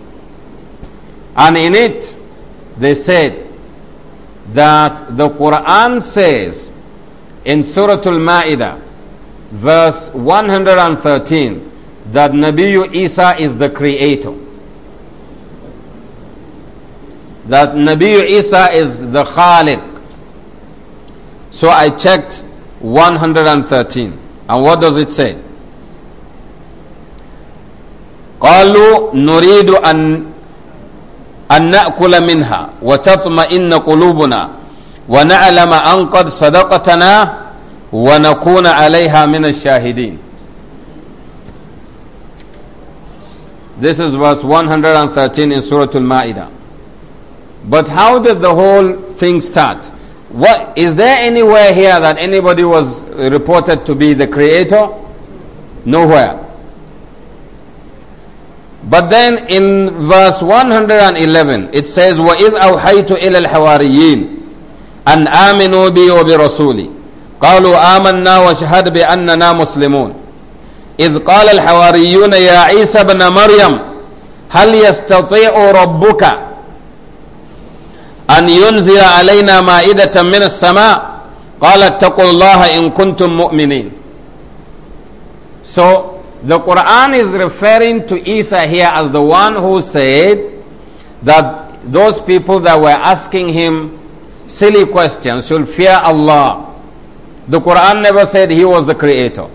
And in it, they said that the Quran says in Surah Al Ma'idah, verse 113, that Nabi Isa is the creator. That Nabi Isa is the Khaliq. So I checked 113. And what does it say? قالوا نريد أن أن نأكل منها وتطمئن قلوبنا ونعلم أن قد صدقتنا ونكون عليها من الشاهدين This is verse 113 in Surah Al-Ma'idah. But how did the whole thing start? What is there anywhere here that anybody was reported to be the creator? Nowhere. But then in verse 111, it says, وَإِذْ أَوْحَيْتُ إِلَى الْحَوَارِيِّينَ أَنْ آمِنُوا بِي وَبِرَسُولِي قَالُوا آمَنَّا وَشَهَدْ بِأَنَّنَا مُسْلِمُونَ إِذْ قَالَ الْحَوَارِيُّونَ يَا عِيسَى بْنَ مَرْيَمَ هَلْ يَسْتَطِيعُ رَبُّكَ أَنْ يُنْزِلَ عَلَيْنَا مَائِدَةً مِنَ السَّمَاءِ قَالَ اتَّقُوا اللَّهَ إِن كُنتُم مُؤْمِنِينَ So The Quran is referring to Isa here as the one who said that those people that were asking him silly questions should fear Allah. The Quran never said he was the creator.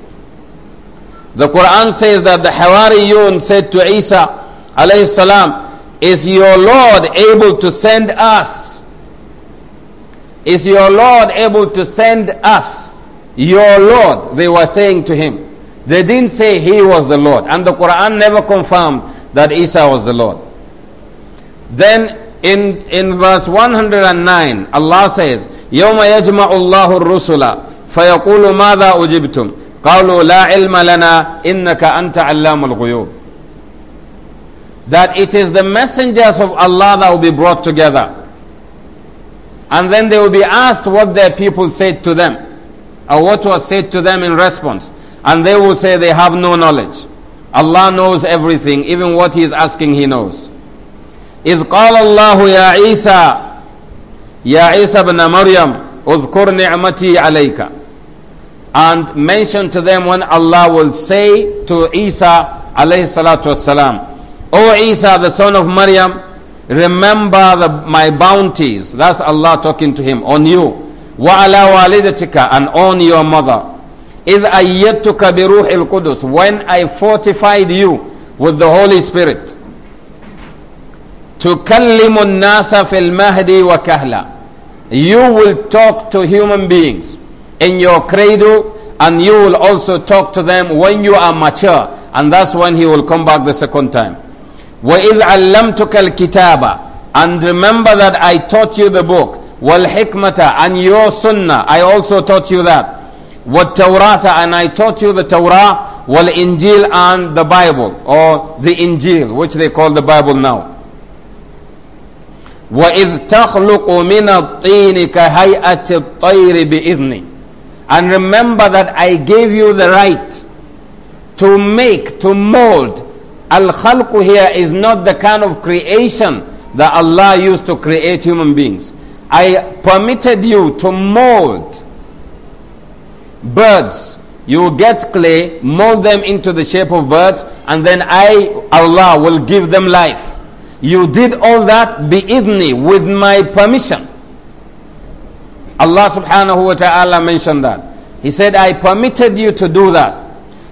The Quran says that the Hawariyun said to Isa alayhi salam, Is your Lord able to send us? Is your Lord able to send us? Your Lord, they were saying to him. They didn't say he was the Lord. And the Quran never confirmed that Isa was the Lord. Then in, in verse 109, Allah says, يوم يجمع الله الرسل فيقول ماذا أجبتم قالوا لا علم لنا إنك أنت علام الغيوب that it is the messengers of Allah that will be brought together. And then they will be asked what their people said to them, or what was said to them in response. And they will say they have no knowledge. Allah knows everything, even what He is asking, He knows. إذ قال الله يا عيسى يا عيسى ابن مريم اذكر نعمتي عليك and mention to them when Allah will say to Isa alayhi salatu wasalam O Isa the son of Maryam remember the, my bounties that's Allah talking to him on you وعلى والدتك and on your mother is إِذْ أَيَّتُكَ بِرُوحِ الْقُدُسِ When I fortified you with the Holy Spirit. تُكَلِّمُ النَّاسَ mahdi wa kahla, You will talk to human beings in your cradle and you will also talk to them when you are mature. And that's when he will come back the second time. وَإِذْ عَلَّمْتُكَ kitaba And remember that I taught you the book. وَالْحِكْمَةَ And your sunnah. I also taught you that. What Taurata and I taught you the Torah, wal Injil and the Bible, or the Injil, which they call the Bible now. وَإِذْ تَخْلُقُ مِنَ الطِّينِ كَهَيْئَةِ الطَّيْرِ بِإِذْنِي And remember that I gave you the right to make, to mold. Al-khalq here is not the kind of creation that Allah used to create human beings. I permitted you to mold birds. You get clay, mold them into the shape of birds, and then I, Allah, will give them life. You did all that bi'idni, with my permission. Allah subhanahu wa ta'ala mentioned that. He said, I permitted you to do that.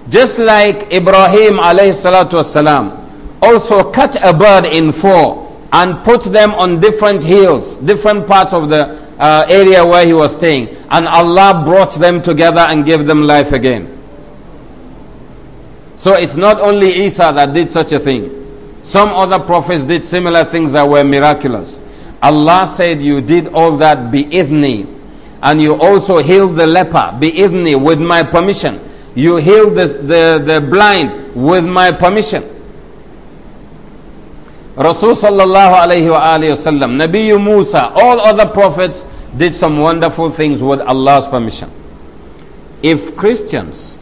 Just like Ibrahim alayhi salatu wasalam, also cut a bird in four and put them on different hills, different parts of the uh, area where he was staying. And Allah brought them together and gave them life again. So it's not only Isa that did such a thing. Some other prophets did similar things that were miraculous. Allah said, You did all that bi And you also healed the leper bi with my permission. You healed the, the, the blind with my permission. Rasul sallallahu alayhi wasallam, Nabi Musa, all other prophets did some wonderful things with Allah's permission. If Christians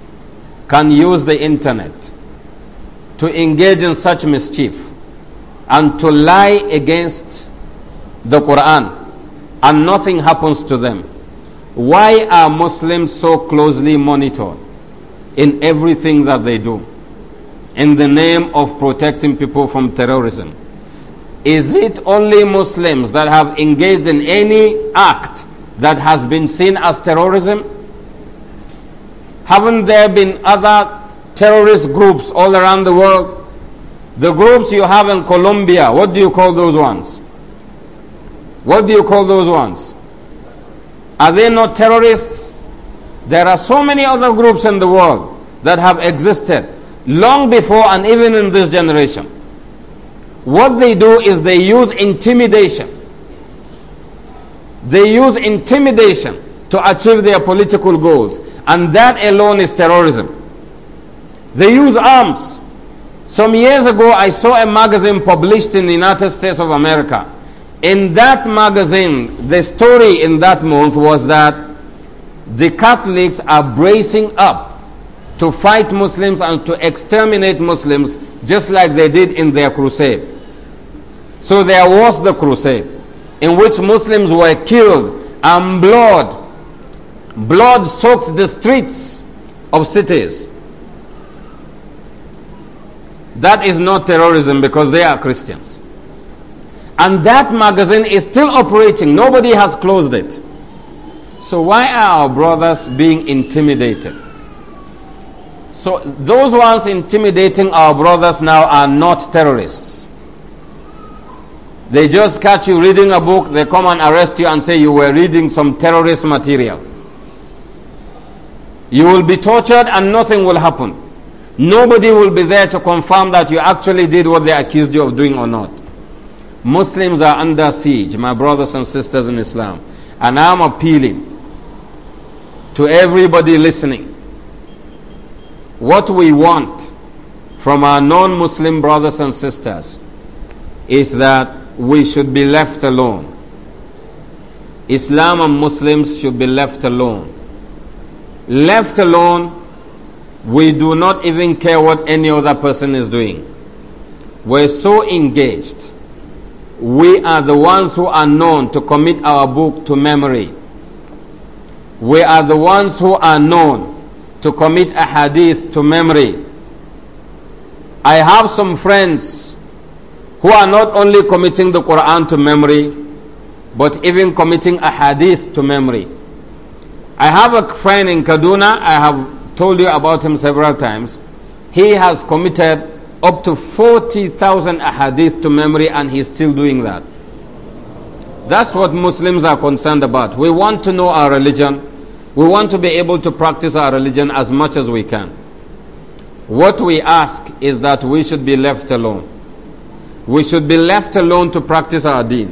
can use the internet to engage in such mischief and to lie against the Quran and nothing happens to them, why are Muslims so closely monitored in everything that they do in the name of protecting people from terrorism? Is it only Muslims that have engaged in any act that has been seen as terrorism? Haven't there been other terrorist groups all around the world? The groups you have in Colombia, what do you call those ones? What do you call those ones? Are they not terrorists? There are so many other groups in the world that have existed long before and even in this generation. What they do is they use intimidation. They use intimidation to achieve their political goals. And that alone is terrorism. They use arms. Some years ago, I saw a magazine published in the United States of America. In that magazine, the story in that month was that the Catholics are bracing up to fight Muslims and to exterminate Muslims just like they did in their crusade. So there was the crusade in which Muslims were killed and blood blood soaked the streets of cities. That is not terrorism because they are Christians. And that magazine is still operating. Nobody has closed it. So why are our brothers being intimidated? So those ones intimidating our brothers now are not terrorists. They just catch you reading a book, they come and arrest you and say you were reading some terrorist material. You will be tortured and nothing will happen. Nobody will be there to confirm that you actually did what they accused you of doing or not. Muslims are under siege, my brothers and sisters in Islam. And I'm appealing to everybody listening. What we want from our non Muslim brothers and sisters is that we should be left alone. Islam and Muslims should be left alone. Left alone, we do not even care what any other person is doing. We're so engaged. We are the ones who are known to commit our book to memory. We are the ones who are known to commit a hadith to memory. I have some friends who are not only committing the Quran to memory, but even committing a hadith to memory. I have a friend in Kaduna, I have told you about him several times. He has committed up to 40,000 ahadith to memory and he's still doing that. That's what Muslims are concerned about. We want to know our religion. We want to be able to practice our religion as much as we can. What we ask is that we should be left alone. We should be left alone to practice our deen.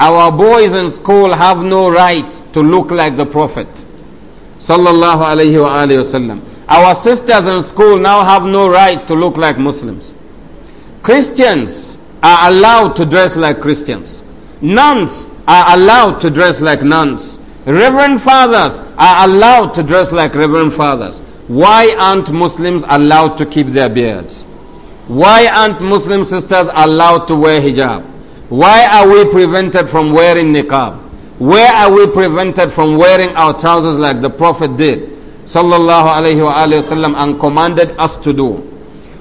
Our boys in school have no right to look like the Prophet. Sallallahu alayhi wa Our sisters in school now have no right to look like Muslims. Christians are allowed to dress like Christians. Nuns are allowed to dress like nuns. Reverend fathers are allowed to dress like reverend fathers. Why aren't Muslims allowed to keep their beards? Why aren't Muslim sisters allowed to wear hijab? Why are we prevented from wearing niqab? Where are we prevented from wearing our trousers like the Prophet did? Sallallahu alayhi wa, sallam, and commanded us to do.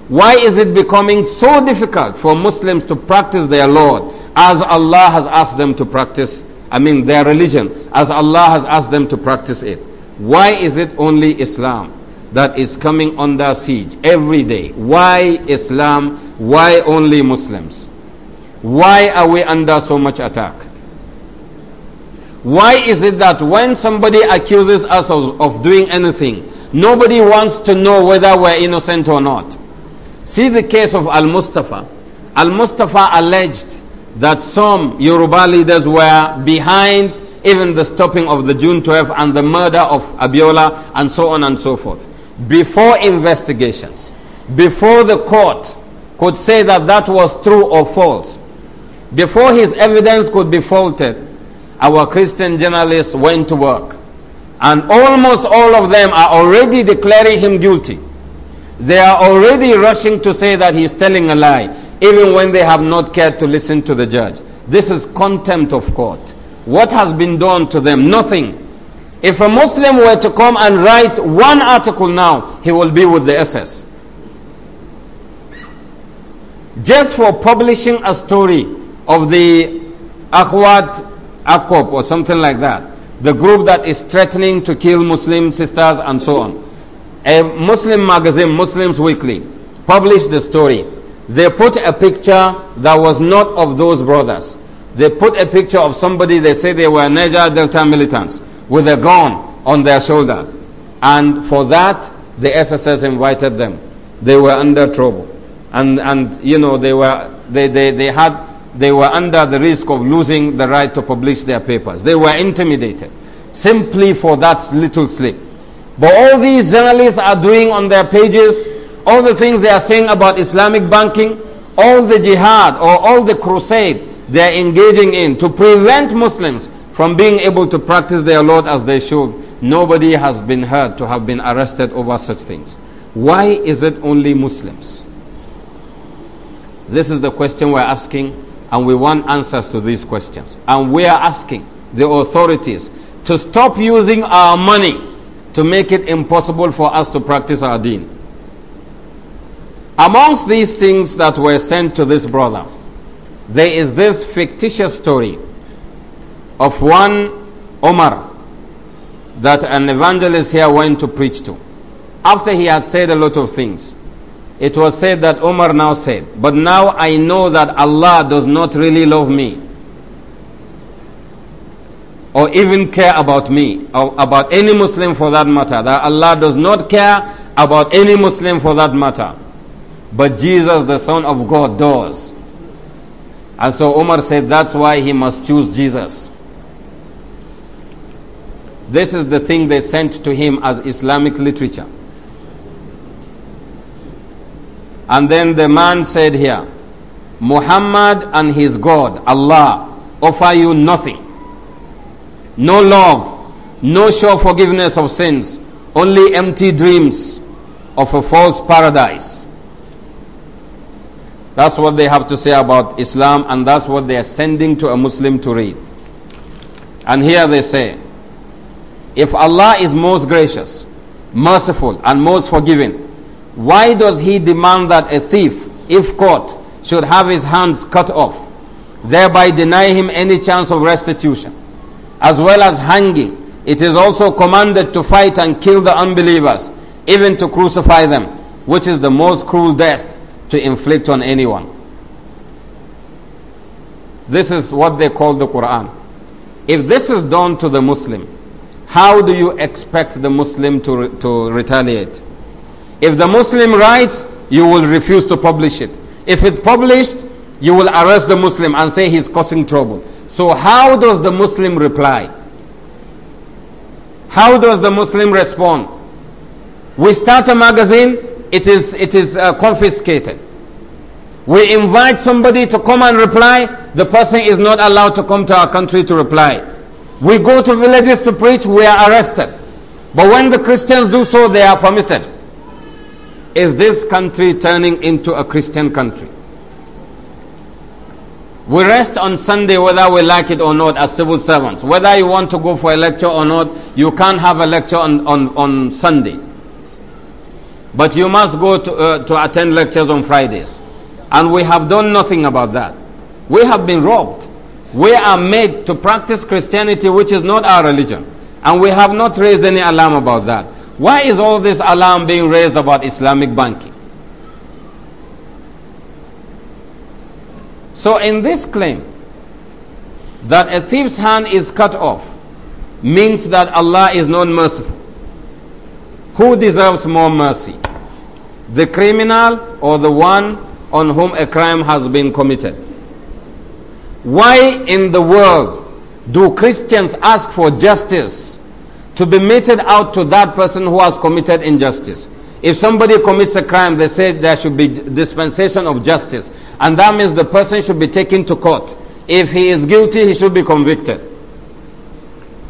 Why is it becoming so difficult for Muslims to practice their Lord as Allah has asked them to practice, I mean their religion, as Allah has asked them to practice it? Why is it only Islam? that is coming under siege every day. Why Islam? Why only Muslims? Why are we under so much attack? Why is it that when somebody accuses us of, of doing anything, nobody wants to know whether we're innocent or not? See the case of Al Mustafa. Al Mustafa alleged that some Yoruba leaders were behind even the stopping of the June 12 and the murder of Abiola and so on and so forth before investigations, before the court could say that that was true or false, before his evidence could be faulted, our Christian journalists went to work. And almost all of them are already declaring him guilty. They are already rushing to say that he's telling a lie, even when they have not cared to listen to the judge. This is contempt of court. What has been done to them? Nothing. If a Muslim were to come and write one article now, he will be with the SS. Just for publishing a story of the Akhwat Akop or something like that, the group that is threatening to kill Muslim sisters and so on. A Muslim magazine, Muslims Weekly, published the story. They put a picture that was not of those brothers. They put a picture of somebody, they say they were Niger Delta militants with a gun on their shoulder. And for that, the SSS invited them. They were under trouble. And, and you know, they were, they, they, they had, they were under the risk of losing the right to publish their papers. They were intimidated simply for that little slip. But all these journalists are doing on their pages, all the things they are saying about Islamic banking, all the jihad or all the crusade they are engaging in to prevent Muslims from being able to practice their Lord as they should. Nobody has been heard to have been arrested over such things. Why is it only Muslims? This is the question we're asking, and we want answers to these questions. And we are asking the authorities to stop using our money to make it impossible for us to practice our deen. Amongst these things that were sent to this brother, there is this fictitious story of one Omar that an evangelist here went to preach to. After he had said a lot of things, it was said that Omar now said, But now I know that Allah does not really love me or even care about me or about any Muslim for that matter. That Allah does not care about any Muslim for that matter. But Jesus, the Son of God, does. And so Omar said, That's why he must choose Jesus. This is the thing they sent to him as Islamic literature. And then the man said here, Muhammad and his God, Allah, offer you nothing. No love, no sure forgiveness of sins, only empty dreams of a false paradise. That's what they have to say about Islam, and that's what they are sending to a Muslim to read. And here they say, if Allah is most gracious, merciful, and most forgiving, why does He demand that a thief, if caught, should have his hands cut off, thereby deny him any chance of restitution? As well as hanging, it is also commanded to fight and kill the unbelievers, even to crucify them, which is the most cruel death to inflict on anyone. This is what they call the Quran. If this is done to the Muslim, how do you expect the Muslim to, re to retaliate? If the Muslim writes, you will refuse to publish it. If it published, you will arrest the Muslim and say he's causing trouble. So how does the Muslim reply? How does the Muslim respond? We start a magazine, it is, it is uh, confiscated. We invite somebody to come and reply, the person is not allowed to come to our country to reply. We go to villages to preach, we are arrested. But when the Christians do so, they are permitted. Is this country turning into a Christian country? We rest on Sunday whether we like it or not as civil servants. Whether you want to go for a lecture or not, you can't have a lecture on, on, on Sunday. But you must go to, uh, to attend lectures on Fridays. And we have done nothing about that. We have been robbed we are made to practice Christianity, which is not our religion. And we have not raised any alarm about that. Why is all this alarm being raised about Islamic banking? So, in this claim that a thief's hand is cut off means that Allah is not merciful. Who deserves more mercy? The criminal or the one on whom a crime has been committed? Why in the world do Christians ask for justice to be meted out to that person who has committed injustice? If somebody commits a crime, they say there should be dispensation of justice. And that means the person should be taken to court. If he is guilty, he should be convicted.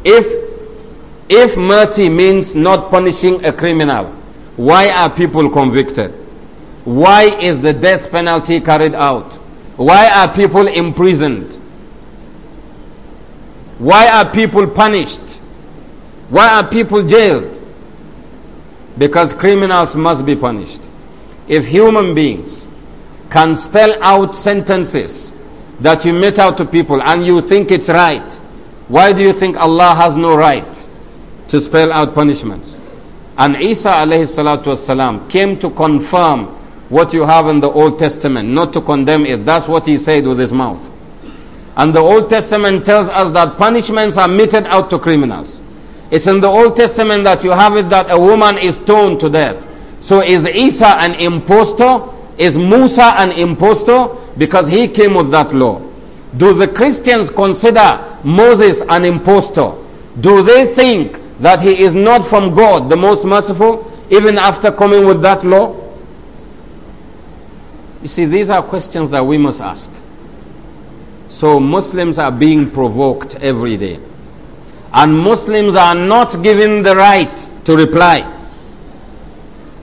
If, if mercy means not punishing a criminal, why are people convicted? Why is the death penalty carried out? Why are people imprisoned? Why are people punished? Why are people jailed? Because criminals must be punished. If human beings can spell out sentences that you mete out to people and you think it's right, why do you think Allah has no right to spell out punishments? And Isa alayhi came to confirm what you have in the Old Testament, not to condemn it. That's what he said with his mouth. And the Old Testament tells us that punishments are meted out to criminals. It's in the Old Testament that you have it that a woman is stoned to death. So is Isa an impostor? Is Musa an impostor? Because he came with that law. Do the Christians consider Moses an impostor? Do they think that he is not from God, the most merciful, even after coming with that law? You see, these are questions that we must ask. So, Muslims are being provoked every day. And Muslims are not given the right to reply.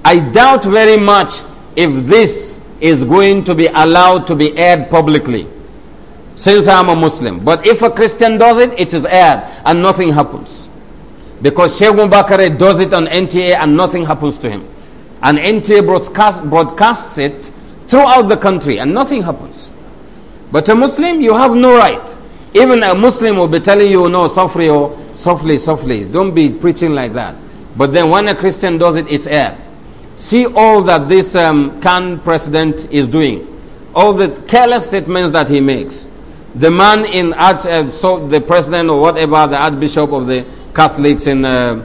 I doubt very much if this is going to be allowed to be aired publicly, since I'm a Muslim. But if a Christian does it, it is aired and nothing happens. Because Sheikh Mubakare does it on NTA and nothing happens to him. And NTA broadcast, broadcasts it throughout the country and nothing happens. But a Muslim, you have no right. Even a Muslim will be telling you, no, softly, oh, softly, softly. Don't be preaching like that. But then when a Christian does it, it's air. See all that this um, Khan president is doing, all the careless statements that he makes. The man in Arch, uh, so the president or whatever, the Archbishop of the Catholics in uh,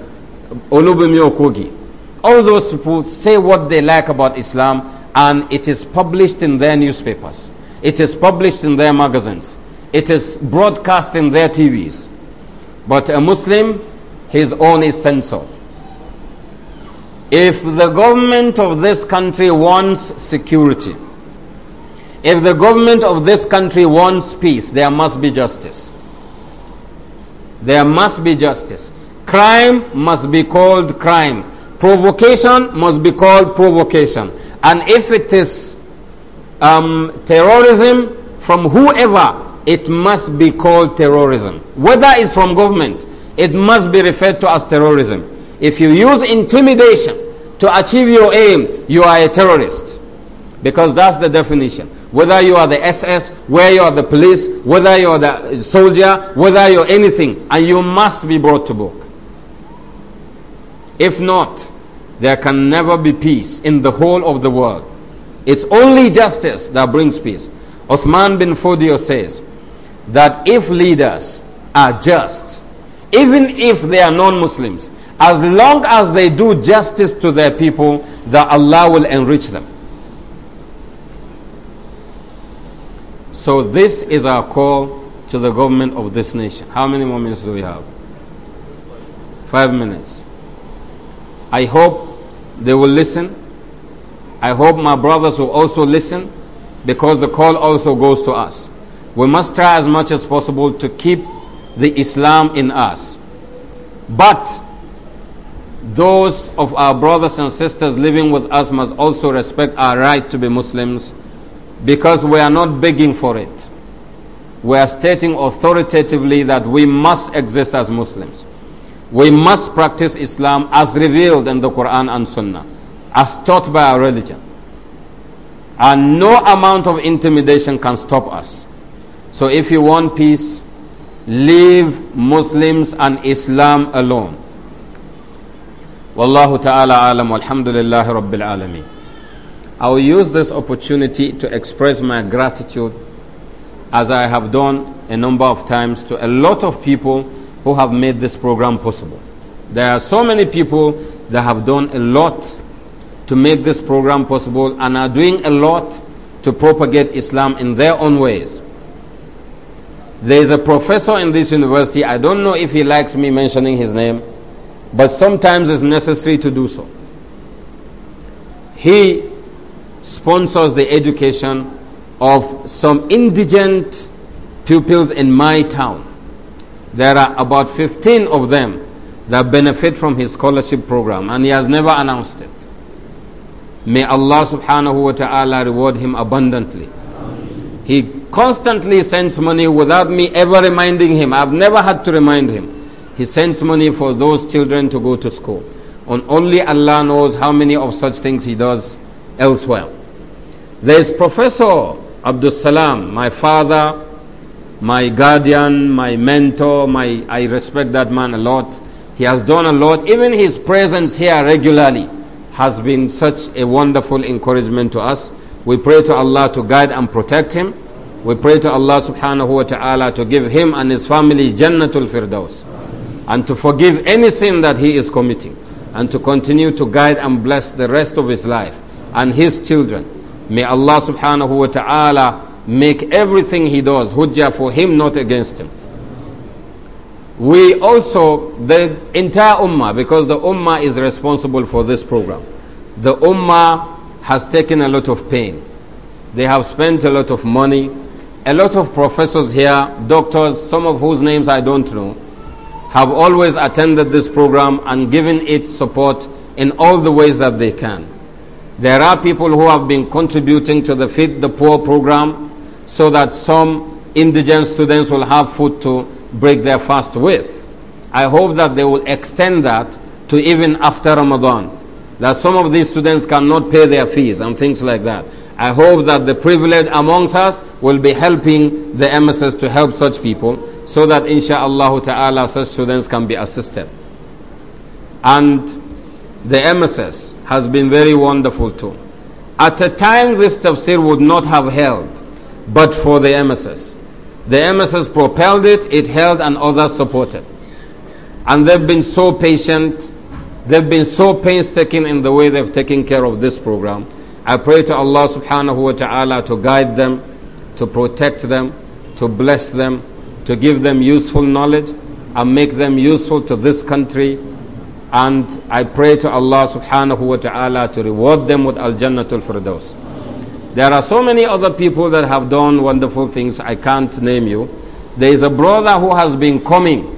Olubimi Okogi. All those people say what they like about Islam and it is published in their newspapers, it is published in their magazines, it is broadcast in their TVs. But a Muslim, his own is censored. If the government of this country wants security, if the government of this country wants peace, there must be justice. There must be justice. Crime must be called crime. Provocation must be called provocation. And if it is um, terrorism from whoever, it must be called terrorism. Whether it's from government, it must be referred to as terrorism. If you use intimidation to achieve your aim, you are a terrorist. Because that's the definition. Whether you are the SS, whether you are the police, whether you are the soldier, whether you're anything, and you must be brought to book. If not, there can never be peace in the whole of the world. It's only justice that brings peace. Uthman bin Fodio says that if leaders are just, even if they are non Muslims, as long as they do justice to their people, that Allah will enrich them. So, this is our call to the government of this nation. How many more minutes do we have? Five minutes. I hope they will listen. I hope my brothers will also listen because the call also goes to us. We must try as much as possible to keep the Islam in us. But those of our brothers and sisters living with us must also respect our right to be Muslims because we are not begging for it. We are stating authoritatively that we must exist as Muslims. We must practice Islam as revealed in the Quran and Sunnah, as taught by our religion. And no amount of intimidation can stop us. So if you want peace, leave Muslims and Islam alone. Wallahu ta'ala alam walhamdulillahi rabbil alameen. I will use this opportunity to express my gratitude as I have done a number of times to a lot of people who have made this program possible. There are so many people that have done a lot to make this program possible and are doing a lot to propagate Islam in their own ways. There is a professor in this university, I don't know if he likes me mentioning his name, but sometimes it's necessary to do so. He sponsors the education of some indigent pupils in my town. There are about 15 of them that benefit from his scholarship program, and he has never announced it. May Allah subhanahu wa ta'ala reward him abundantly. He constantly sends money without me ever reminding him. I've never had to remind him. He sends money for those children to go to school. And only Allah knows how many of such things he does elsewhere. There is Professor Abdul Salam, my father, my guardian, my mentor, my, I respect that man a lot. He has done a lot. Even his presence here regularly has been such a wonderful encouragement to us. We pray to Allah to guide and protect him. We pray to Allah subhanahu wa ta'ala to give him and his family Jannatul Firdaus and to forgive any sin that he is committing and to continue to guide and bless the rest of his life and his children. May Allah subhanahu wa ta'ala make everything he does hujjah for him, not against him. We also, the entire ummah, because the ummah is responsible for this program, the ummah has taken a lot of pain. They have spent a lot of money. A lot of professors here, doctors, some of whose names I don't know, have always attended this program and given it support in all the ways that they can. There are people who have been contributing to the Feed the Poor program so that some indigent students will have food to break their fast with. I hope that they will extend that to even after Ramadan. That some of these students cannot pay their fees and things like that. I hope that the privileged amongst us will be helping the MSS to help such people so that insha'Allah ta'ala such students can be assisted. And the MSS has been very wonderful too. At a time this tafsir would not have held but for the MSS, The MSS propelled it, it held, and others supported. And they've been so patient, they've been so painstaking in the way they've taken care of this program. I pray to Allah subhanahu wa ta'ala to guide them, to protect them, to bless them, to give them useful knowledge, and make them useful to this country. And I pray to Allah subhanahu wa ta'ala to reward them with Al Jannatul Firdaus. There are so many other people that have done wonderful things, I can't name you. There is a brother who has been coming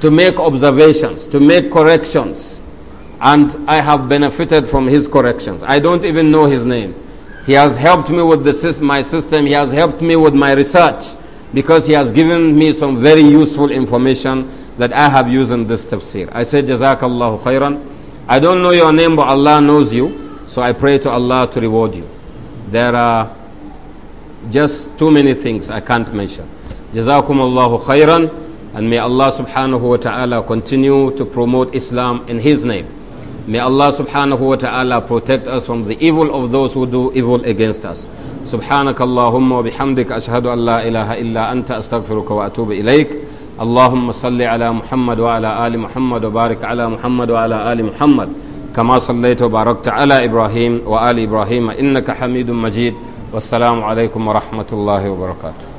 to make observations, to make corrections, and I have benefited from his corrections. I don't even know his name. He has helped me with my system, he has helped me with my research because he has given me some very useful information that I have used in this tafsir. I say Jazakallahu khairan. I don't know your name, but Allah knows you. So I pray to Allah to reward you. There are just too many things I can't mention. Jazakumullahu khairan. And may Allah subhanahu wa ta'ala continue to promote Islam in His name. May Allah subhanahu wa ta'ala protect us from the evil of those who do evil against us. سبحانك اللهم وبحمدك أشهد أن لا إله إلا أنت أستغفرك وأتوب إليك اللهم صل على محمد وعلى آل محمد وبارك على محمد وعلى آل محمد كما صليت وباركت على إبراهيم وآل إبراهيم إنك حميد مجيد والسلام عليكم ورحمة الله وبركاته